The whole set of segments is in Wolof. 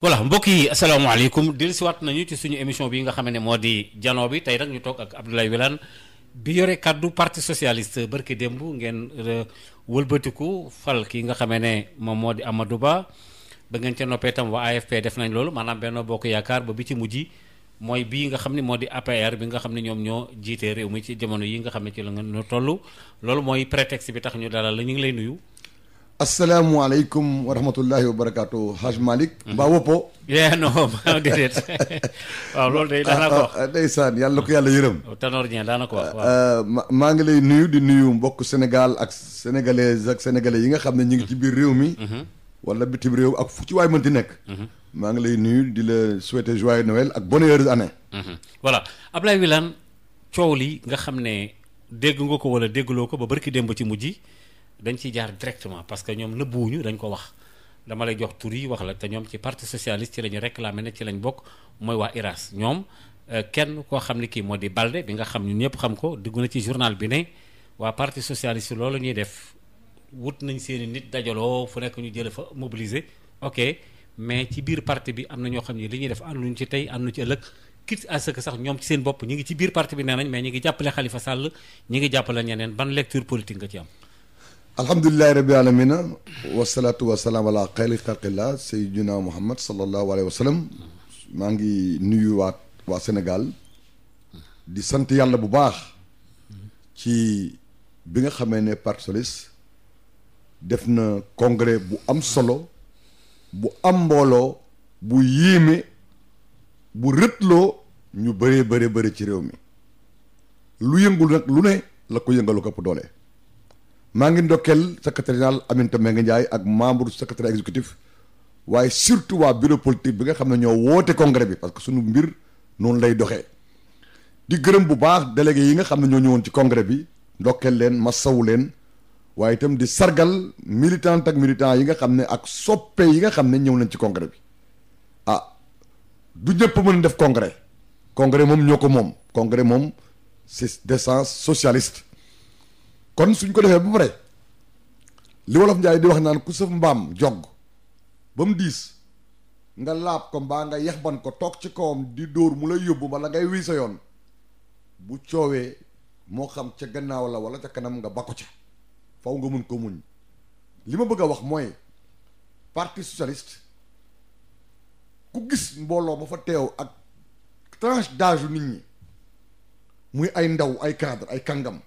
voilà mbokk yi asalaamaaleykum dellusiwaat nañu ci suñu émission bi nga xam ne moo di jano bi tey rek ñu toog ak Abdoulaye Wilane bi yore kàddu parti socialiste barki démb ngeen euh, wëlbatiku fal ki nga xam ne moom moo di Amadou Ba ba ngeen ca noppee itam waa AFP def nañ loolu maanaam benn Bokk Yaakaar ba bi ci mujj mooy bii nga xam ne moo di APR bi nga xam ne ñoom ñoo jiitee réew mi ci jamono yi nga xam ne ci la nga ñu toll loolu mooy prétexte bi tax ñu dalal la ñu ngi lay nuyu. asalaamualeykum wa rahmatullahi wa barakaatu Haj Malick mbaa woppoo yee non loolu day daana ko ah, ah, yàlla ko yàlla yërëm oh, Tanor ah, maa ngi lay nuyu di nuyu mbokk Sénégal ak sénégalaises ak yi nga xam ne ñu ngi ci biir réew mi mhm. Mhm. wala bitim réew ak fu ci waay mënti nekk mhm. maa ngi lay nuyu di la souhaiter joyeux Noël ak bonne heureuse année voilà Ablaye li nga xam ne dégg nga ko wala déggloo ko ba barki démb ci mujj dañu ci jaar directement parce que ñoom nëbbuwuñu dañ ko wax dama lay jox tur yi wax la te ñoom ci parti socialiste ci la ñu réclamé ne ci lañ bokk mooy waa IRAS ñoom euh, kenn koo xam ne kii moo di Balde bi nga xam ñun ñëpp xam ko dugg na ci journal bi ne waa parti socialiste loolu ñuy def wut nañ seen i nit dajaloo fu nekk ñu jële fa mobiliser ok mais ci biir parti bi am na ñoo xam ni li ñuy def ànduñu ci tey ànduñu ci ëllëg quitte à ce sax ñoom ci seen bopp ñu ngi ci biir parti bi nee nañ mais ñu ngi jàppale Khalifa Sall ñu ngi jàppale ñeneen ban lecture politique nga ci am alhamdulillahi rabbi alamina wasalaatu wasalaam ala xayri xalqillah sayyidina muhammad sallallahu alayhi wa sallam maa ngi nuyu waat waa Sénégal di sant yàlla bu baax ci bi nga xamee ne Parti socialiste def na congrès bu am solo bu am mbooloo bu yéeme bu rëtloo ñu bëree bëri bëri ci réew mi lu yëngul nag lu ne la ko yëngalu këpp doole maa ngi ndokkeel secrétaire général Aminata Mbengue Ndiaye ak membre secrétaire exécutif waaye surtout waa bureau politique bi nga xam ne ñoo woote congrès bi parce que suñu mbir noonu lay doxee di gërëm bu baax délégué yi nga xam ne ñoo ñëwoon ci congrès bi ndokkeel leen ma masawu leen waaye itam di sargal militant ak militant yi nga xam ne ak soppe yi nga xam ne ñëw nañ ci congrès bi ah du ñëpp mën def congrès congrès moom ñoo ko moom congrès moom c'est d'essence socialiste kon suñ ko defee bu pare li wolof njaay di wax naan ku sëf mbaam jog ba mu diis nga laab ko mbaa nga yex ban ko toog ci kawam di dóor mu lay yóbbu wala ngay wii sa yoon bu coowee moo xam ca gannaaw la wala ca kanam nga bakku ca faw nga mun ko muñ li ma bëgg a wax mooy parti socialiste ku gis mbooloo ma fa teew ak tranche d'âge nit ñi muy ay ndaw ay cadre ay kàngam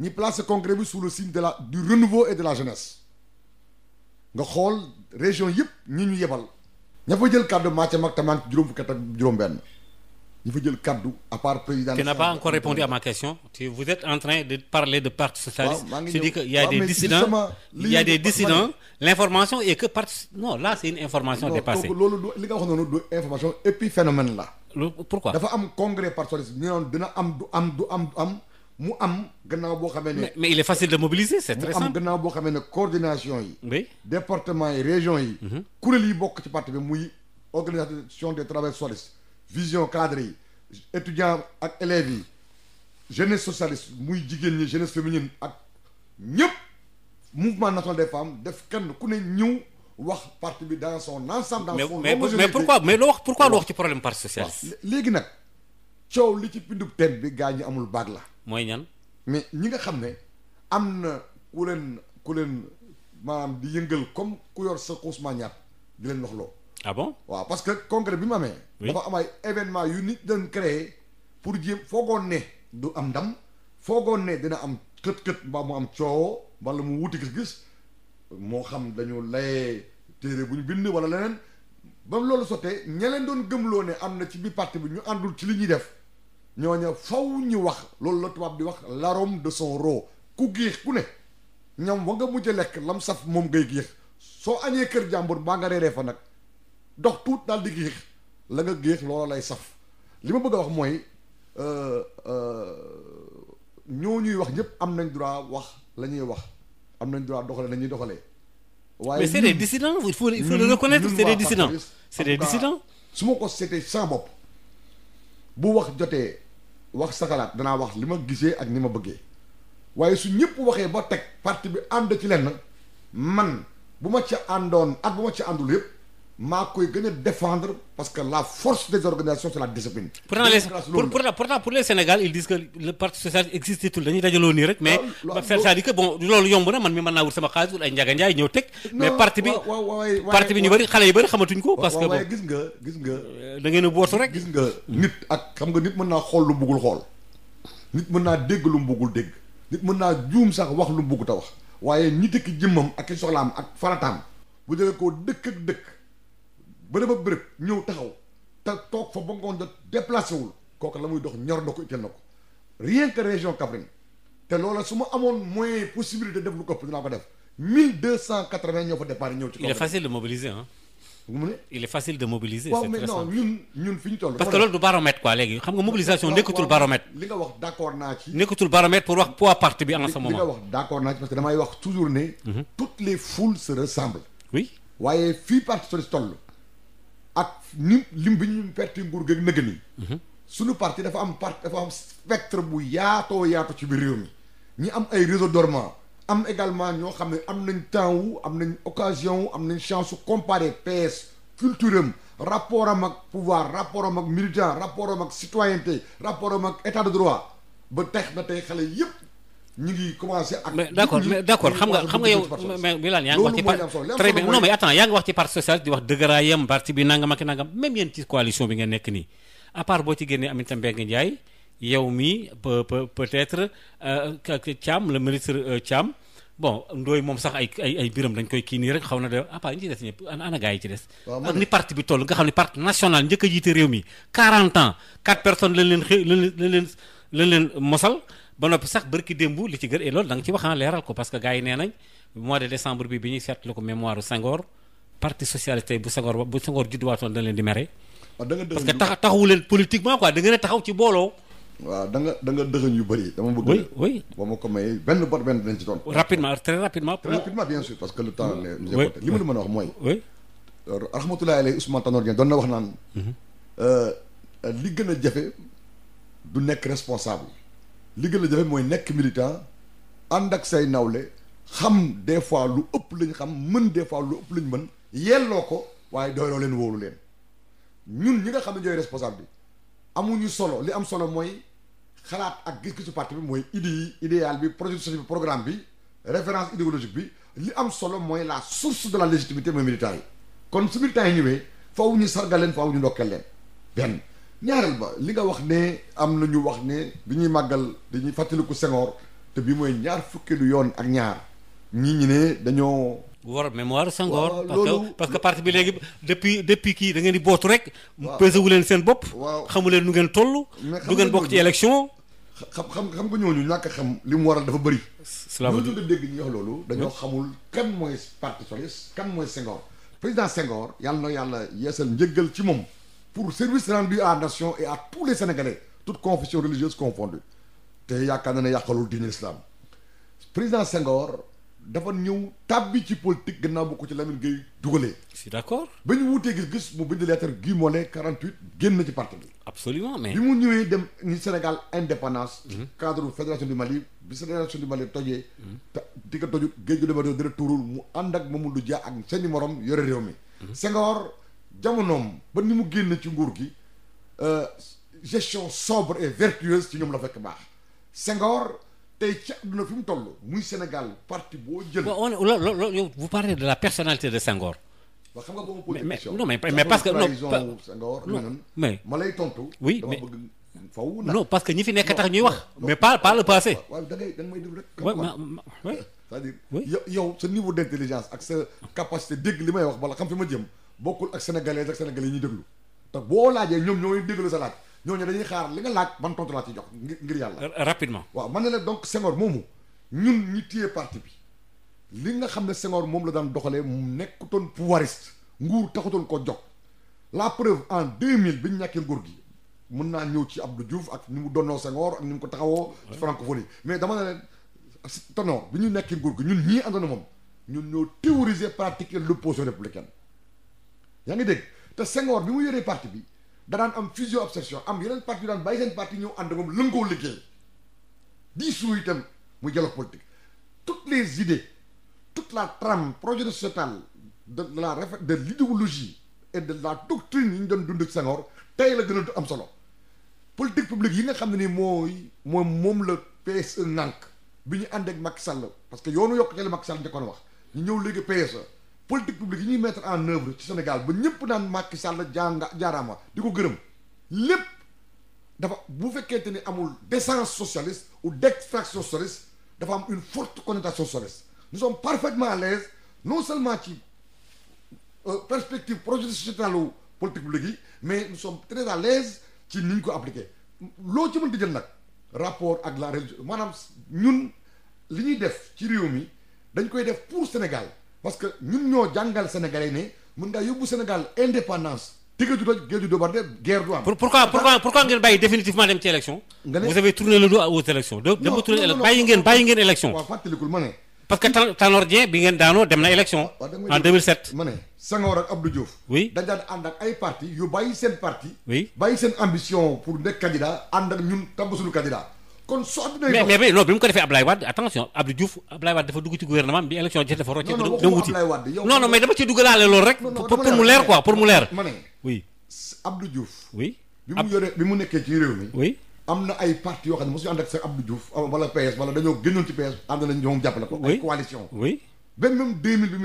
ñi place congrès bi sous le signe de la du renouveau et de la jeunesse nga xool région yëpp ñi ñu yebal ña fa jël kàddu maa ca mag tamaan juróom fukki at juróom-benn ñi fa jël kàddu à part président. tu n'as pas encore répondu à ma question. tu vous êtes en train de parler de parti socialiste. waaw tu que a des dissidents il y a des dissidents l'information est que parti non là c'est une information dépassée. non loolu li nga wax noonu du information épiphénomène la. pourquoi dafa am congrès parti socialiste ñu am du am du am am. mu am gannaaw boo xamee ne. mais il est facile de mobiliser c'est très mu am gannaaw boo xamee ne coordination yi. oui yi région yi. Mhm. kuréel yi bokk ci parti bi muy organisation des travailleurs socialistes vision cadre yi étudiants ak élèves yi jeunesse socialiste muy jigéen ñi jeunesse féminine ak ñëpp mouvement national des femmes def kenn ku ne ñëw. wax parti bi dans son ensemble. dans son mais mais pourquoi mais loo wax pourquoi loo wax ci problème parti socialiste. léegi nag coow li ci pindub teen bi gaa ñi amul baag la. mooy ñan. mais ñi nga xam ne am na ku leen ku leen maanaam di yëngal comme ku yor sa xuus ñaat di leen loxloo. ah bon waaw parce que congrès bi mu amee. dafa am ay événement yu nit doon créé pour jéem foogoon ne du am ndam foogoon ne dina am kët kët mbaa mu am coow wala mu wuti gis-gis moo xam dañu layee téere bu ñu bind wala leneen ba loolu sottee ña leen doon gëmloo ne am na ci biir parti bi ñu àndul ci li ñuy def. ñooña faw ñu wax loolu la tubaab bi wax l'arôme de son rot ku giix ku ne ñam wa nga mujj lekk lam saf moom ngay giix soo añee kër jàmbur baa nga reeree fa nag dox tuut daal di giix la nga giix loola lay saf li ma bëgg a wax mooy euh, euh, ñoo ñuy wax ñëpp am nañ droit wax la ñuy wax am nañ droit doxale na ñuy doxalee waaye mais c'est des dissidents il faut il faut le reconnaître c'est des dissidents su ma ko seetee sans bopp bu wax jotee wax sakalaat danaa wax li ma gisee ak ni ma bëggee waaye su ñëpp waxee ba teg parti bi ànd ci lenn man bu ma ca àndoon at bu ma ca àndul yëpp maa koy gën a défendre parce que la force des organisations c'est la discipline. pourtant les pour pourtant pour les Sénégal ils disent que parti socialiste existe tout dañuy dajaloo nii rek. mais ah, c'est-à-dire que bon loolu yomb na man mi mën naa wut sama xaalis wut ay Ndiaga Ndiaye ñëw teg. mais parti bi parti bi ñu bëri xale yu bëri xamatuñ ko. parce que waaye gis nga gis nga. Euh, da ngeen a bootu rek. gis nga nit ak xam nga nit mën naa xool lu bëggul xool mën naa dégg lu mu dégg mën naa juum sax wax lu mu bëggut a waaye ñi dëkk jëmmam ak soxlaam ak farataam bu jëlee ko dëkk ak bërëb ab bërëb ñëw taxaw te toog fa ba ngoon jot déplacé wul kooku la muy dox ñor na ko itteel na ko rien que région Kaffrine te loola su ma amoon moyen possibilité def lu kopp dinaa ko def mille deux cent quatre vingt ñoo fa départ ñëw ci. il est facile de mobiliser ah. mu ne il est facile de mobiliser. waaw mais non ñun ñun fi ñu toll. parce que loolu du baromètre quoi léegi xam nga mobilisation nekkatul baromètre. li nga wax d' accord naa ci. nekkatul baromètre pour wax poids parti bi en ce moment. li nga wax d' accord naa ci parce que damay wax toujours ne. Mhm. toutes les foules se ressemblent. oui waaye fii parti socialiste toll. ak ni lim bi ñu perte nguur gi nëgg nii. Mhm. suñu parti dafa am parti dafa am spectre bu yaatoo yaatu ci biir réew mi ñi am ay réseau dormant am également ñoo xam ne am nañ temps wu am nañ occasion wu am nañ chance su comparer PS culture am rapport am ak pouvoir rapport am ak militant rapport am ak citoyenneté rapport am ak état de droit ba tax na tey xale yépp ñu ngi commencé ak. mais d' accord mais d' xam nga xam nga yow mais Wilane yaa ngi wax ci par très bien di wax dëgëraayam parti bi nangam ak nangam même yéen ci coalition bi ngeen nekk nii à part boo ci génnee Aminata Mbengue Ndiaye yow mii peut peut être euh, Thiam le ministre euh, Thiam bon ndooy moom sax ay biram dañ koy kii nii rek xaw na de à ah, part ñi ci des ñëpp ana gaa yi ci des. ak ni parti bi toll nga xam ne parti national njëkk a jiite réew mi 40 ans 4 personnes ba noppi sax bërki démb li ci gër et loolu da nga ci waxaan ah, leeral ko parce que gars yi nee nañ mois de décembre bi bi ñuy seetlu ko mémoire Senghor parti socialiste bu Senghor bu Senghor judduwaatoon da leen di mere parce que taxawu leen politiquement quoi da ngeen a taxaw ci booloo waaw da nga da yu bëri dama bëgg oui oui ba ma ko may benn bot benn dañ ci doon rapidement a wax mooy oui rahmatullahi alayhi doon na wax naan mhm. euh, li gën a jafe du nekk responsable li gën a jafe mooy nekk militant ànd ak say nawle xam des fois lu ëpp lañ xam mën des fois lu ëpp lañ mën yelloo ko waaye doyloo leen wóolu leen ñun ñi nga xam ne ñooy responsable bi amuñu solo li am solo mooy xalaat ak gis-gisu parti bi mooy idée yi bi projet de société bi programme bi référence idéologique bi li am solo mooy la source de la légitimité mooy militants yi kon su militants yi ñëwee faaw ñu sargal leen faaw ñu ndokkeel leen benn ñaareel ba li nga wax ne am na ñu wax ne bi ñuy màggal dañuy fàttaliku Senghor te bi mooy ñaar fukkee du yoon ak ñaar ñii ñi ne dañoo. war mémoire Senghor. parce que parce que parti bi léegi depuis depuis kii da ngeen di bootu rek. waaw pesé wu leen seen bopp. waaw xamu leen nu ngeen toll. du ngeen bokk ci élection. xam xam xam nga ñooñu ñàkk xam li mu waral dafa bëri. salaamaaleykum ñoo dégg ñu wax loolu. dañoo xamul kan mooy parti socialiste kan mooy Senghor. président Senghor yàlla na yàlla yeesal njëggal ci moom. pour service rendu à nation et à tous les sénégalais toutes confessions religieuses confondues te yaakaar na ne yàqalul diine islam président Senghor dafa ñëw tàbbi ci politique gannaaw bu ko ci Lamine Gueye dugalee. je suis d'accord. ba ñu wutee gis-gis mu bind lettre Guy Mollet 48 génn ci parti bi. absolument mais bi mu ñëwee dem ni Sénégal indépendance. Mhm. cadre fédération du Mali bi fédération du Mali tojee. Mhm. te di ko tojut géej gi dama doon dara tuurul mu ànd ak Mamadou Dia ak seeni morom yore réew mi. Mhm. jamonoom ba ni mu génn ci nguur gi euh, gestion sobre et vertueuse ci ñoom la fekk baax Senghor tey ci àdduna fi mu toll muy Sénégal parti boo jël. on loolu lo vous parlez de la personnalité de Senghor. waaw parce que non Senghor mais ma lay tontu. parce que ñi fi nekk tax ñuy wax. mais pas pas le passé. yow sa niveau d'intelligence ak sa capacité dégg li may wax bala xam fi ma jëm. bokkul ak sénégalais ak sénégalais ñuy déglu te boo laajee ñoom ñooy déglu sa laaj ñooñu dañuy xaar li nga laaj ban tontu laa ci jox ngir yàlla. Euh, rapidement waaw man ne la donc Senghor ñun ñi téye parti bi li nga xam ne Senghor moom la daan doxalee mu nekkutoon pouvoiriste nguur taxutoon ko jox la preuve en mille bi ñu ñàkkee nguur gi mën naa ñëw ci Abdou Diouf ak ñu mu donnoo Senghor ak ñu mu ko taxawoo. ci francophonie mais dama ne leen tonor bi ñu nekkee nguur gi ñun ñii àndoon na moom ñun ñoo théoriser pratiquer l'opposition républicaine. yaa ngi dégg te Senghor bi mu yoree parti bi danaan am fusion obsession am yeneen parti yu daan bàyyi parti ñëw ànd moom lëngoo liggéey di suu itam mu dialogue politique toutes les idées toute la trame projet de sociétal de la de l'idéologie et de la doctrine yi ñu dem dund ak Senghor tey la gën a du am solo politique publique yi nga xam ne ni mooy moom moom la PSE nànk bi ñu ànd ak Macky Sall parce que yoonu yokk ca la Macky Sall njëkkoon wax ñu ñëw léegi PSE politique publique yi ñuy mettre en œuvre ci Sénégal ba ñëpp naan Macky Sall jaanga jaaraama di ko gërëm lépp dafa bu fekkente ni amul d'essence socialiste ou d'extraction socialiste dafa am une fort connotation socialiste nous sommes parfaitement à l'aise non seulement ci euh, perspective projet sociétal ou politique publique yi mais nous sommes très à l'aise ci ni ñu ko appliqué loo ci mën di jël nag rapport ak la religion maanaam ñun li ñuy def ci réew mi dañ koy def pour Sénégal parce que ñun ñoo jàngal Sénégalais ne mën ngaa yóbbu Sénégal indépendance tike du toj géej du dobar de guerre du am. pourquoi pourquoi pourquoi ngeen bàyyi définitivement dem ci élection. vous avez tourné le dos aux élections. non non non bàyyi ngeen bàyyi ngeen élection. waaw fàttalikul ma ne. parce que bi ngeen daanoo dem na élection. en 2007 ma ne Senghor ak Abdou Diouf. oui dañ daan ak ay parti yu bàyyi seen parti. oui bàyyi seen ambition pour nekk candidat ànd ak kon su àdduna mais mais non bi mu ko defee Ablaye Wade attention Abdou Diouf Ablaye Wade dafa dugg ci gouvernement bi élection ci duggalaale loolu mu leer ci réew mi oui am na ay parti yoo xam ne mosu ñu ànd ak sax Abdou Diouf ah, wala PS wala dañoo génnoon ci PS ànd nañ ñoom jàppale ko ay coalition oui ba même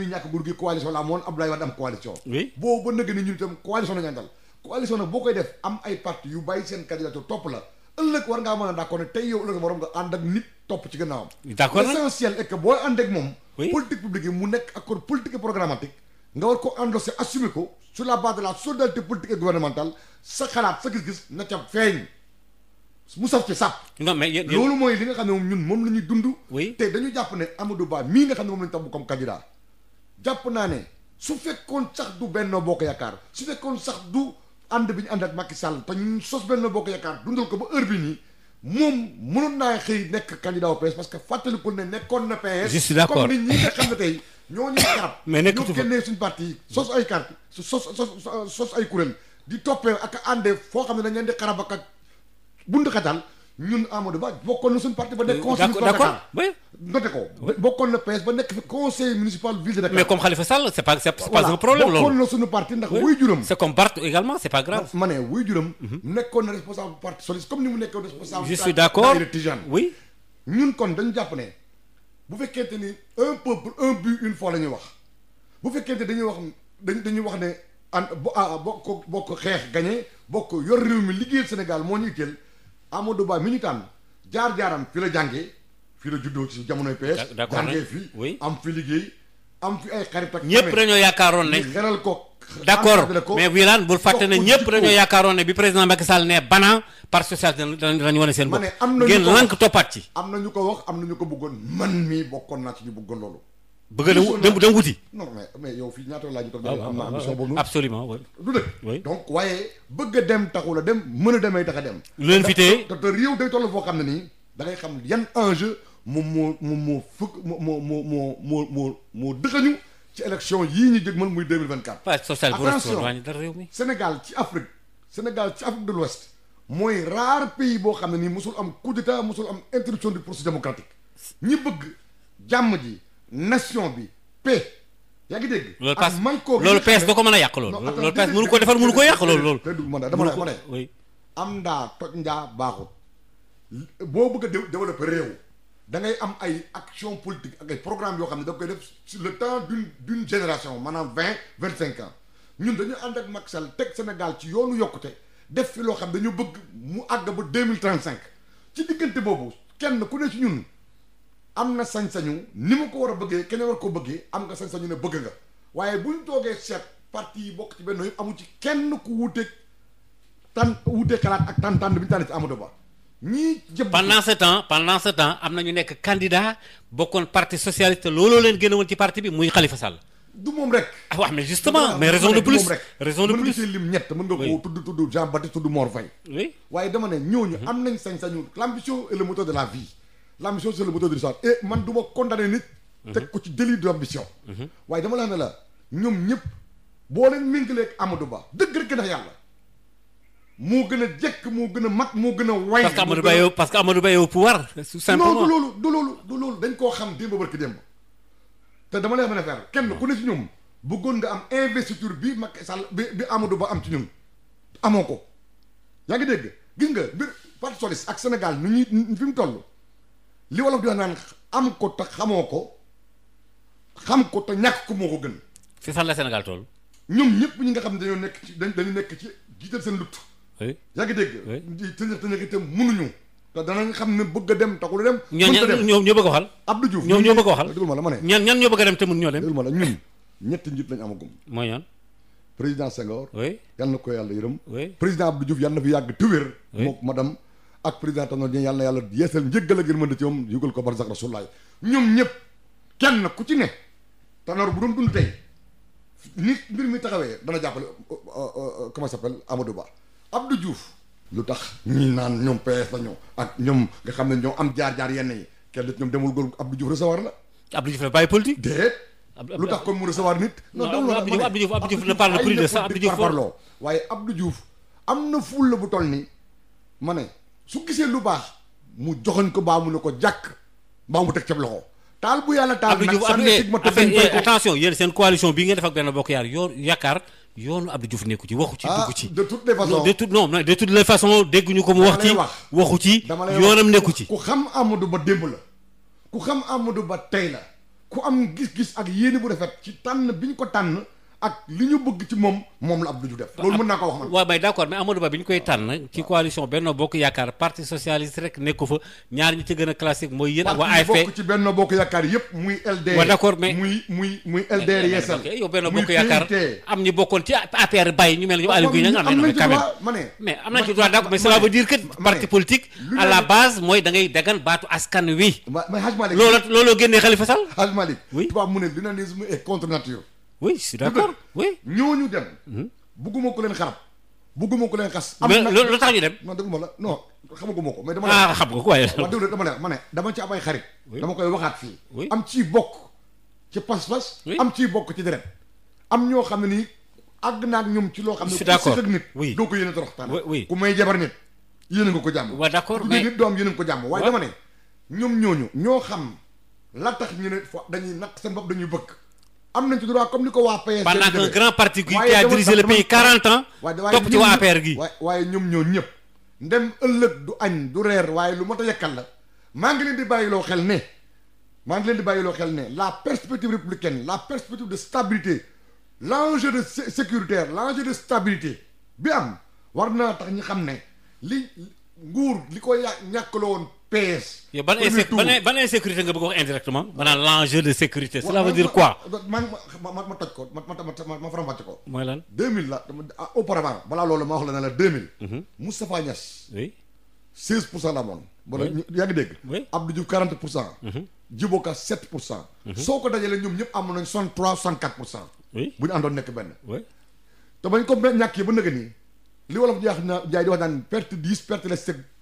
la amoon Abdoulaye coalition oui boobu ba nëgg ñun itam coalition nañu àndal coalition nag boo koy def am ay parti yu bàyyi seen candidature topp la ëllëg war ngaa mën a d'accord ne tey yow ëllëg waroon nga ànd ak nit topp ci gannaawam. d'accord l'essentiel est que booy ànd ak moom. politique publique yi mu nekk accord politique et programmatique. nga war ko endosser assumer ko sur la base de la solidarité politique et gouvernementale sa xalaat sa gis-gis na ca feeñ. mu saf ci sàpp. non mais loolu mooy li nga xam ne moom ñun moom la ñuy dund. oui te dañu jàpp ne Amadou Ba mii nga xam ne moom la ñu tabb comme candidat jàpp naa ne su fekkoon sax du Benno Bokk Yaakaar su fekkoon sax du. ànd bi ñu ànd ak Macky Sall te ñun sos benn boo ko yaakaar dundal ko ba heure bi nii moom mënoon naa xëy nekk candidat au PS parce que fàttalikul ne nekkoon na PS. je suis d'accord comme nit ñi nga xam ne tey ñoo ñu carte. ñoo génnee suñu parti yi sos ay carte sos sos sos ay kuréel di toppee ak àndee foo xam ne dañ leen di xarab ak bunt xatal ñun Amadou Ba bokkoon na suñu parti ba nekk euh, conseil municipal na PS ba nekk fi conseil municipal ville de Dakar mais comme Khalifa Sall c'est pas c'est pas un problème loolu bokkoon na suñu parti ndax wuy juram c'est comme Barth également c'est pas grave ma ne wuy juram mhm. nekkoon na responsable parti socialiste comme ni mu nekkoon responsable je suis d'accord Tijane oui ñun kon dañu jàpp ne bu fekkente ni un peuple un but une fois la wax bu fekkente dañuy wax dañuy wax ah, xeex gagné bokk yor réew mi liggéeyal Sénégal moo ñu itteel Amadou Ba mi ñu tànn jaar-jaaram fi la jàngee fi la juddoo ci jamonoy PS. d'accord jàngee fii am fi liggéey am fi ay xarit ak. ñëpp dañoo yaakaaroon ne xelal ko. d'accord mais Wilane bul fàtte ne ñëpp yaakaaroon ne bi président Macky Sall ne bana par social dañu wane seen am na ñu ko ngeen lank toppaat ci. am na ñu ko wax am na ñu ko bëggoon man mii bokkoon naa ci ñu bëggoon loolu. bëgg na dem wuti. non mais mais yow fii ñaata laaj ñu toog. Ah, am na ah, ambition boobu absolument du dëgg. donc waaye bëgg a dem taxu la dem mën a demee daxa dem. lu leen fi téye day toll foo xam ne nii dangay xam yan enjeu moom moo moom moo fukk moo moo moo moo moo moo dëxañu ci élection yii ñu mën muy 2024. page sociale bu attention Sénégal ci Afrique Sénégal ci Afrique de l'Ouest mooy rare pays boo xam ne nii mosul am coup d'état mosul am interruption du processus démocratique ñi bëgg jàmm ji. nation bi paix yaa ngi dégg. ak man koo loolu PS da ko mën a yàq loolu. loolu PS mënu ko defar mënu ko yàq loolu loolu. dama ne dama ne am ndaa toj ndaa baaxul. boo bëgg a développer réew. da ngay am ay action politique ak ay programme yoo xam ne da koy def sur le temps d'une d'une génération man maanaam vingt vingt cinq ans ñun dañu ànd ak Macky teg Sénégal ci yoonu yokkute def fi loo xam dañu bëgg mu àgg ba deux mille trente cinq ci diggante boobu kenn ku ne ci ñun. am na sañ-sañu ni mu ko war a bëggee kenn war koo bëggee am nga sañ-sañu ne bëgg nga waaye bu ñu toogee seet parti yi bokk ci benn yëpp amu ci kenn ku wuuteeg tan wuuteeg xalaat ak tànn tànn bi ñu tànn ci Amadou Ba ñii jëpp pendant ce temps pendant ce am na ñu nekk candidat bokkoon parti socialiste looloo leen génne woon ci parti bi muy Khalifa Sall. du moom rek. ah waaw mais justement mais raison de plus raison de plus mën nga lim tudd tudd Jean Baptiste tudd Mor Faye. waaye dama ne ñooñu mhm. nañ sañ-sañu l'ambition et le moteur de la vie. l'ambition c'est le moteur de l'histoire et man du ma condamné nit. teg ko ci délit d'ambition. waaye dama la ne la ñoom ñëpp boo leen méngaleeg Amadou Ba dëgg rek ndax yàlla. moo gën a jëkk moo gën a mag moo gën a. way parce que Amadou Ba yow parce que Amadou Ba loolu du dañ koo xam démb barki démb. te dama lay mën a kenn ku ne si ñoom bëggoon nga am investiture bi Macky Sall bi bi Amadou am ci ñun amoo ko yaa ngi dégg gis nga mbir parti ak Sénégal nu ñuy fi mu toll li wolof di wax naan am ko te xamoo ko xam ko te ñàkk ko moo ko gën. fi fan la Sénégal toll. ñoom ñëpp ñu nga xam ne dañoo nekk ci dañu nekk ci jiital seen lutt. oui yaa ngi dégg. oui te te mënuñu. te xam ne bëgg a dem taxul dem. mënut a dem ñoo ñoo bëgg a waxal. Abdou Diouf ñoo ñoo bëgg a waxal déglu ma la ma ñoo bëgg a dem te mën dem. la ñun ñetti njiit a amagum. mooy ñan. président Senghor. oui yal na ko yàlla yërëm. way président Abdou Diouf yal fi yàgg te wér. ma dem ak président Tanor Dieng yàlla na yàlla yeesal njëggal la yërmande ci moom yugal ko barzak rasulullaah ñoom ñëpp kenn ku ci ne Tanor bu doon dund tey nit mbir mi taxawee dana jàppale euh, euh, euh, comment s'appelle Amadou Ba Abdou Diouf lu tax ñi naan ñoom PS la ñoo ak ñoom nga xam ne ñoo am jaar-jaar yenn yi kenn du ñoom demul góor Abdou Diouf recevoir la Abdou Diouf la bàyyi politique déet lu tax comme mu recevoir nit non demul Abdou Diouf Abdou Diouf Abdou Diouf ne parle plus de ça Abdou Diouf parparloo waaye Abdou am na fulla bu toll ni ma su gisee lu baax mu joxoñ ko baa mu ne ko jàkk baa mu teg ca loxo taal bu yàlla taal nag sànni sigma te bañ koy seen coalition bii ngeen def ak benn bokk yaar yoo yaakaar yoonu Abdou Diouf nekku ci waxu ci ah, dugg ci de toutes les façons de toutes non de toutes les façons dégguñu ko mu wax ci waxu ci nekku ci ku xam Amadou Ba démb la ku xam Amadou Ba tey la ku am gis-gis ak yéene bu rafet ci tànn bi ñu ko tànn ak li ñu bëgg ci moom moom la Abdou Diouf def loolu mën naa ko wax man waaw mais d'accord mais Amadou Ba bi a classique mooy yéen ak waa AFP bokk ci Benno Bokk Yaakaar Bokk Yaakaar am ñu bokkoon ci APR bàyyi ñu mel d'accord mais cela veut dire parti politique à la base mooy da ngay dagan baatu askan wi loolu looloo génnee Khalifa Sall Hadj Malick tubaab mu ne oui je suis d'accord oui. ñooñu dem. Hmm? bugguma ko leen xarab. bugguma ko leen xas. am na lu tax ñu dem. non dëgguma la non xamaguma ko mais. dama ah, xam nga ko waaye. waaw dama ne ma ne dama ci am ay xarit. dama koy waxaat fii. am ci bokk ci pas-pas. am ci bokk ci deret. am ñoo xam ne nii àgg naa ak ñoom ci loo xam ne. je suis nit doo ko yéene torox taan ku may jabar nit yéene nga ko jàmm. waaw d'accord mais nit doom yéene nga ko jàmm. waaye dama ne ñoom ñooñu ñoo xam la tax ñu ne dañuy naq seen bopp dañuy bëgg am nañ ci droit comme ni ko waa PS. pendant qu'un grand parti qui a dirigé le pays 40 ans. topp ci waa APR gi waaye ñoom ñoo ñëpp. ndem ëllëg du añ du reer waaye lu mot a yekkal la maa ngi leen di bàyyiloo xel ne maa ngi leen di bàyyiloo xel ne la perspective républicaine la perspective de stabilité la enjeu de sécuritaire l' enjeu de stabilité bi am war naa tax ñu xam ne li nguur li ko yà ñàkkaloo woon PS. yow ban ban insécurité nga bëgg wax indirectement. maanaam l'enjeu de sécurité. cela veut dire quoi. ma ma toj ko ma ma ma ko. mooy lan 2000 la ah, auparavant balaa loolu ma wax la ne la 2000. Mhm. Moustapha Niass. oui 16 pour cent la amoon. wala yaa dégg. oui Abdou Diouf 40 pour cent. Mhm. Djibo Ka 7 pour cent. Mhm. soo ko dajalee ñoom ñëpp amoon nañ 63 64 pour cent. oui bu ñu àndoon nekk benn. oui te bañ ko ñàkkee ba nëgë nii li wolof di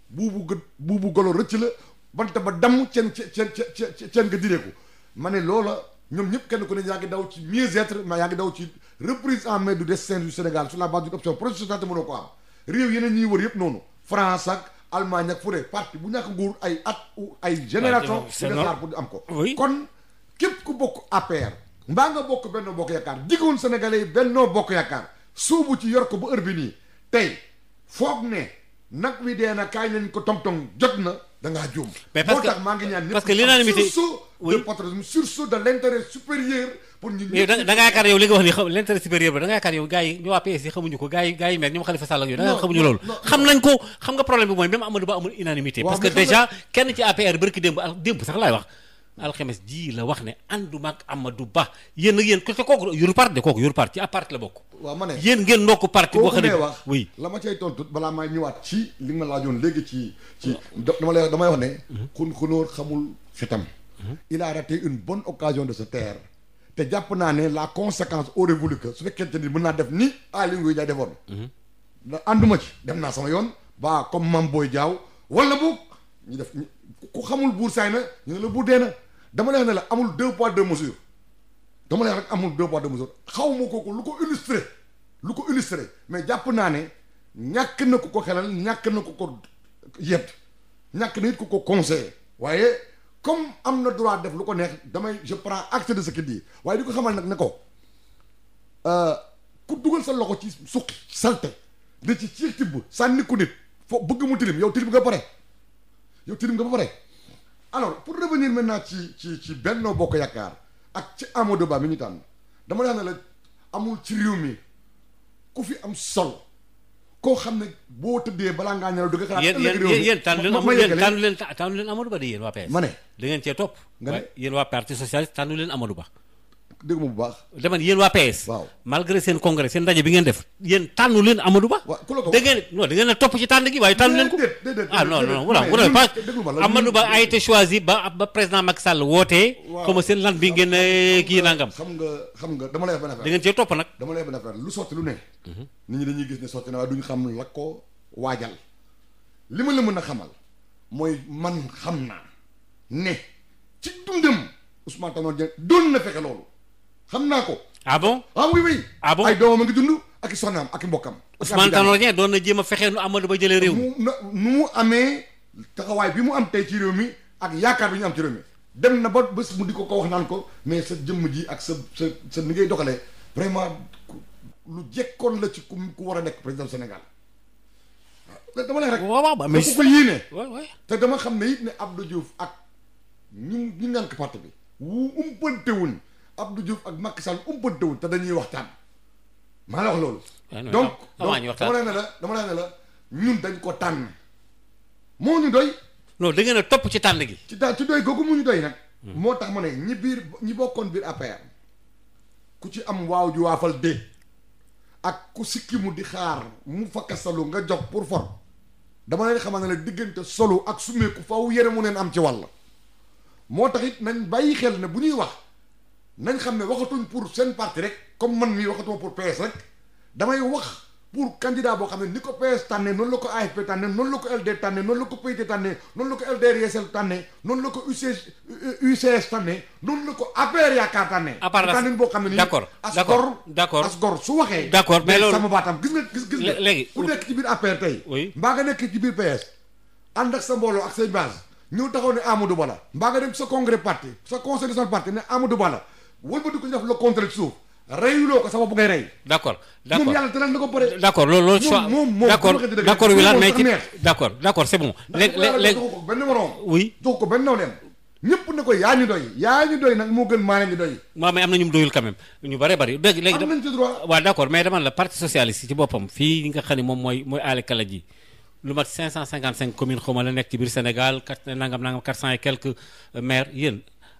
buubu gë buubu golo rëcc la bant ba damm ceen ceen ceen ceen nga ko ma ne loola ñoom ñëpp kenn ku ne yaa ngi daw ci mieux être ma yaa ngi daw ci reprise en main du destin du Sénégal sur la base d'une option projet te mënoo ko am réew yeneen ñuy wër yëpp noonu France ak Allemagne ak fu ne parti bu ñàkk nguur ay at ay génération desaar pour am ko kon képp ku bokk APR mbaa nga bokk Benno Bokk Yaakaar diggoon Sénégalais yi Yaakaar soobu ci yor ko ba heure bi nii tey fook ne nag wi dee na kaay nañ ko tong-tong jot na da ngaa juum. mais parce que moo tax maa ngi ñaan parce que l'unanimité sursaut de patriotisme sursaut de l' intérêt supérieur. pour ñu ñëw da nga yaakaar yow li wax ni xam supérieur ba da yaakaar yow gars yi ñu yi xamuñu ko gars yi ñoom Khalifa Sall ak yooyu da xamuñu loolu. xam nañ ko xam nga problème bi mooy même Amadou Ba amul unanimité parce que déjà kenn ci APR barki démb démb sax laay wax. alxames jii la wax ne ànduma ak am Ba du nag yéen ko te kooku yoru parti de kooku yoru parti à parti la bokk. waaw ma ne yéen ngeen ndokk parti. boo xam ne wax cay tontu balaa may ñëwaat ci li nga ma joon léegi ci ci dama lay damay wax ne. xun xunóor xamul fitam. il a une bonne occasion de sa taire. te jàpp naa ne la conséquence aurait voulu que su fekkente ni mën naa def ni Aly Ngouille Ndiaye defoon. na ànduma ci dem naa sama yoon. ba comme Mame booy Diaw wala boog ñu def xamul buur saay na ñu ne la dama neex ne la amul deux poids deux mesures dama neex rek amul deux poids deux mesures xaw ma kooku lu ko illustré lu ko illustré mais jàpp naa ne ñàkk na ku ko xelal ñàkk na ko ko yedd ñàkk na it ko ko conseillé waaye comme am na droit def lu ko neex damay je prends acte de ce qu'il dit waaye di ko xamal nag ne ko euh, ku dugal sa loxo ci suqi salte da ci ciix tibb sànni ku nit foo bëgg mu tilim yow tilim nga pare yow tilim nga ba pare alors pour revenir naa ci ci ci Benno Bokk Yaakaar ak ci Amadou Ba mi ñu tànn dama daan ne la amul ci réew mi ku fi am sol koo xam ne boo tëddee balaa ngaa ñëw du nga xalaat ëllëg réew tànn leen Amadou Ba de yéen waa PS ma ne da ngeen cee topp nga yéen waa parti socialiste tànn leen Amadou Ba dégg ma bu baax. dama yéen waa PS. waaw malgré seen congrès seen ndaje bi ngeen def. yéen tànnu leen Amadou Ba. waaw ku la ko da topp ci tànn gi waaye tànnu leen ko. ah non non a été choisi ba ba président Macky Sall wootee. waaw seen lan bi ngeen eh, kii nangam. xam nga xam nga dama lay wax da ngeen cee topp nag. dama lay lu sotti lu ne. Mhm. nit ñi dañuy gis ne sotti na waaye duñu xam la ko waajal. li ma la mën a xamal mooy man xam naa ne ci dundam Ousmane Tanor Dieng doon na fekke loolu xam naa ko. ah bon ah oui oui. Ah ay doomam a ngi dund ak i soxnaam ak i mbokkam. Ousmane Tanor doon na jéem a fexe nu Amadou Ba jëlee réew. mu nu mu amee taxawaay bi mu am tey ci réew mi ak yaakaar bi ñu am ci réew mi dem na ba bés mu di ko ko wax naan ko mais sa jëmm ji ak sa sa sa ni ngay doxalee vraiment lu jekkoon la ci ku ku war a nekk président Sénégal. dama lay rek waaw waaw mais ko yéene te dama xam ne it ne Abdou Diouf ak ñu ñu ngànk parti bi wu umpantewuñ Abdou Diouf ak makk Macky Sall umpantewul te dañuy waxtaan maa la wax loolu. donc donc dama la ne la dama la ne la ñun dañ ko tànn moo ñu doy. non da ngeen topp ci tànn gi. ci tànn ci doy googu mu ñu doy nag. Hmm. moo tax ma ne ñi biir ñi bokkoon biir APR ku ci am waaw ju waafal dee ak ku sikki mu di xaar mu fakkasalu nga jox pour for dama leen xamal ne la diggante solo ak sumeeku faw yére mu neen am ci wàll moo taxit it nañ bàyyi xel ne bu ñuy wax. nañ xam ne waxatuñ pour seen parti rek comme man mii waxatuma pour PS rek damay wax pour candidat boo xam ne ni ko PS tànnee noonu la ko AFP tànnee noonu la ko LD tànnee noonu la ko PIT tànnee noonu la ko LDRSL tànnee noonu la ko UCS UCS tànnee noonu la ko APR yaakaar tànnee. à part la tànnin boo xam ne nii. d'accord d'accord d'accord asgor su waxee. d'accord mais loolu sama baatam gis nga gis gis nga. léegi ku nekk ci biir APR tey. oui mbaa nga nekk ci biir PS. ànd ak sa mbooloo ak say base ñëw taxaw ne Amadou Ba la. mbaa nga dem sa congrès parti sa conseil de son parti ne Amadou Ba la. wëlbati ko def le contraire suuf reyuloo ko sama bu ngay rey. d' accord d' accord moom yàlla danañ na ko bëre. d' accord loolu loolu. soit d' accord d' accord Wilane mais ci d' accord d' accord c' est bon. léegi léegi jox ko benn morom. oui jox ko benn nawleem. ñëpp ne ko yaa ñu doy yaa ñu doy nag moo gën maa leen ñu doy. waaw mais am na ñu doyul quand même ñu bare bari. léegi léegi am nañ ci droit. waaw d' accord mais dama la parti socialiste ci boppam fii nga xam ne moom mooy mooy aale kala ji. lu mat 555 communes xaw ma la nekk ci biir Sénégal kat nangam nangam 400 et quelques euh, maires yéen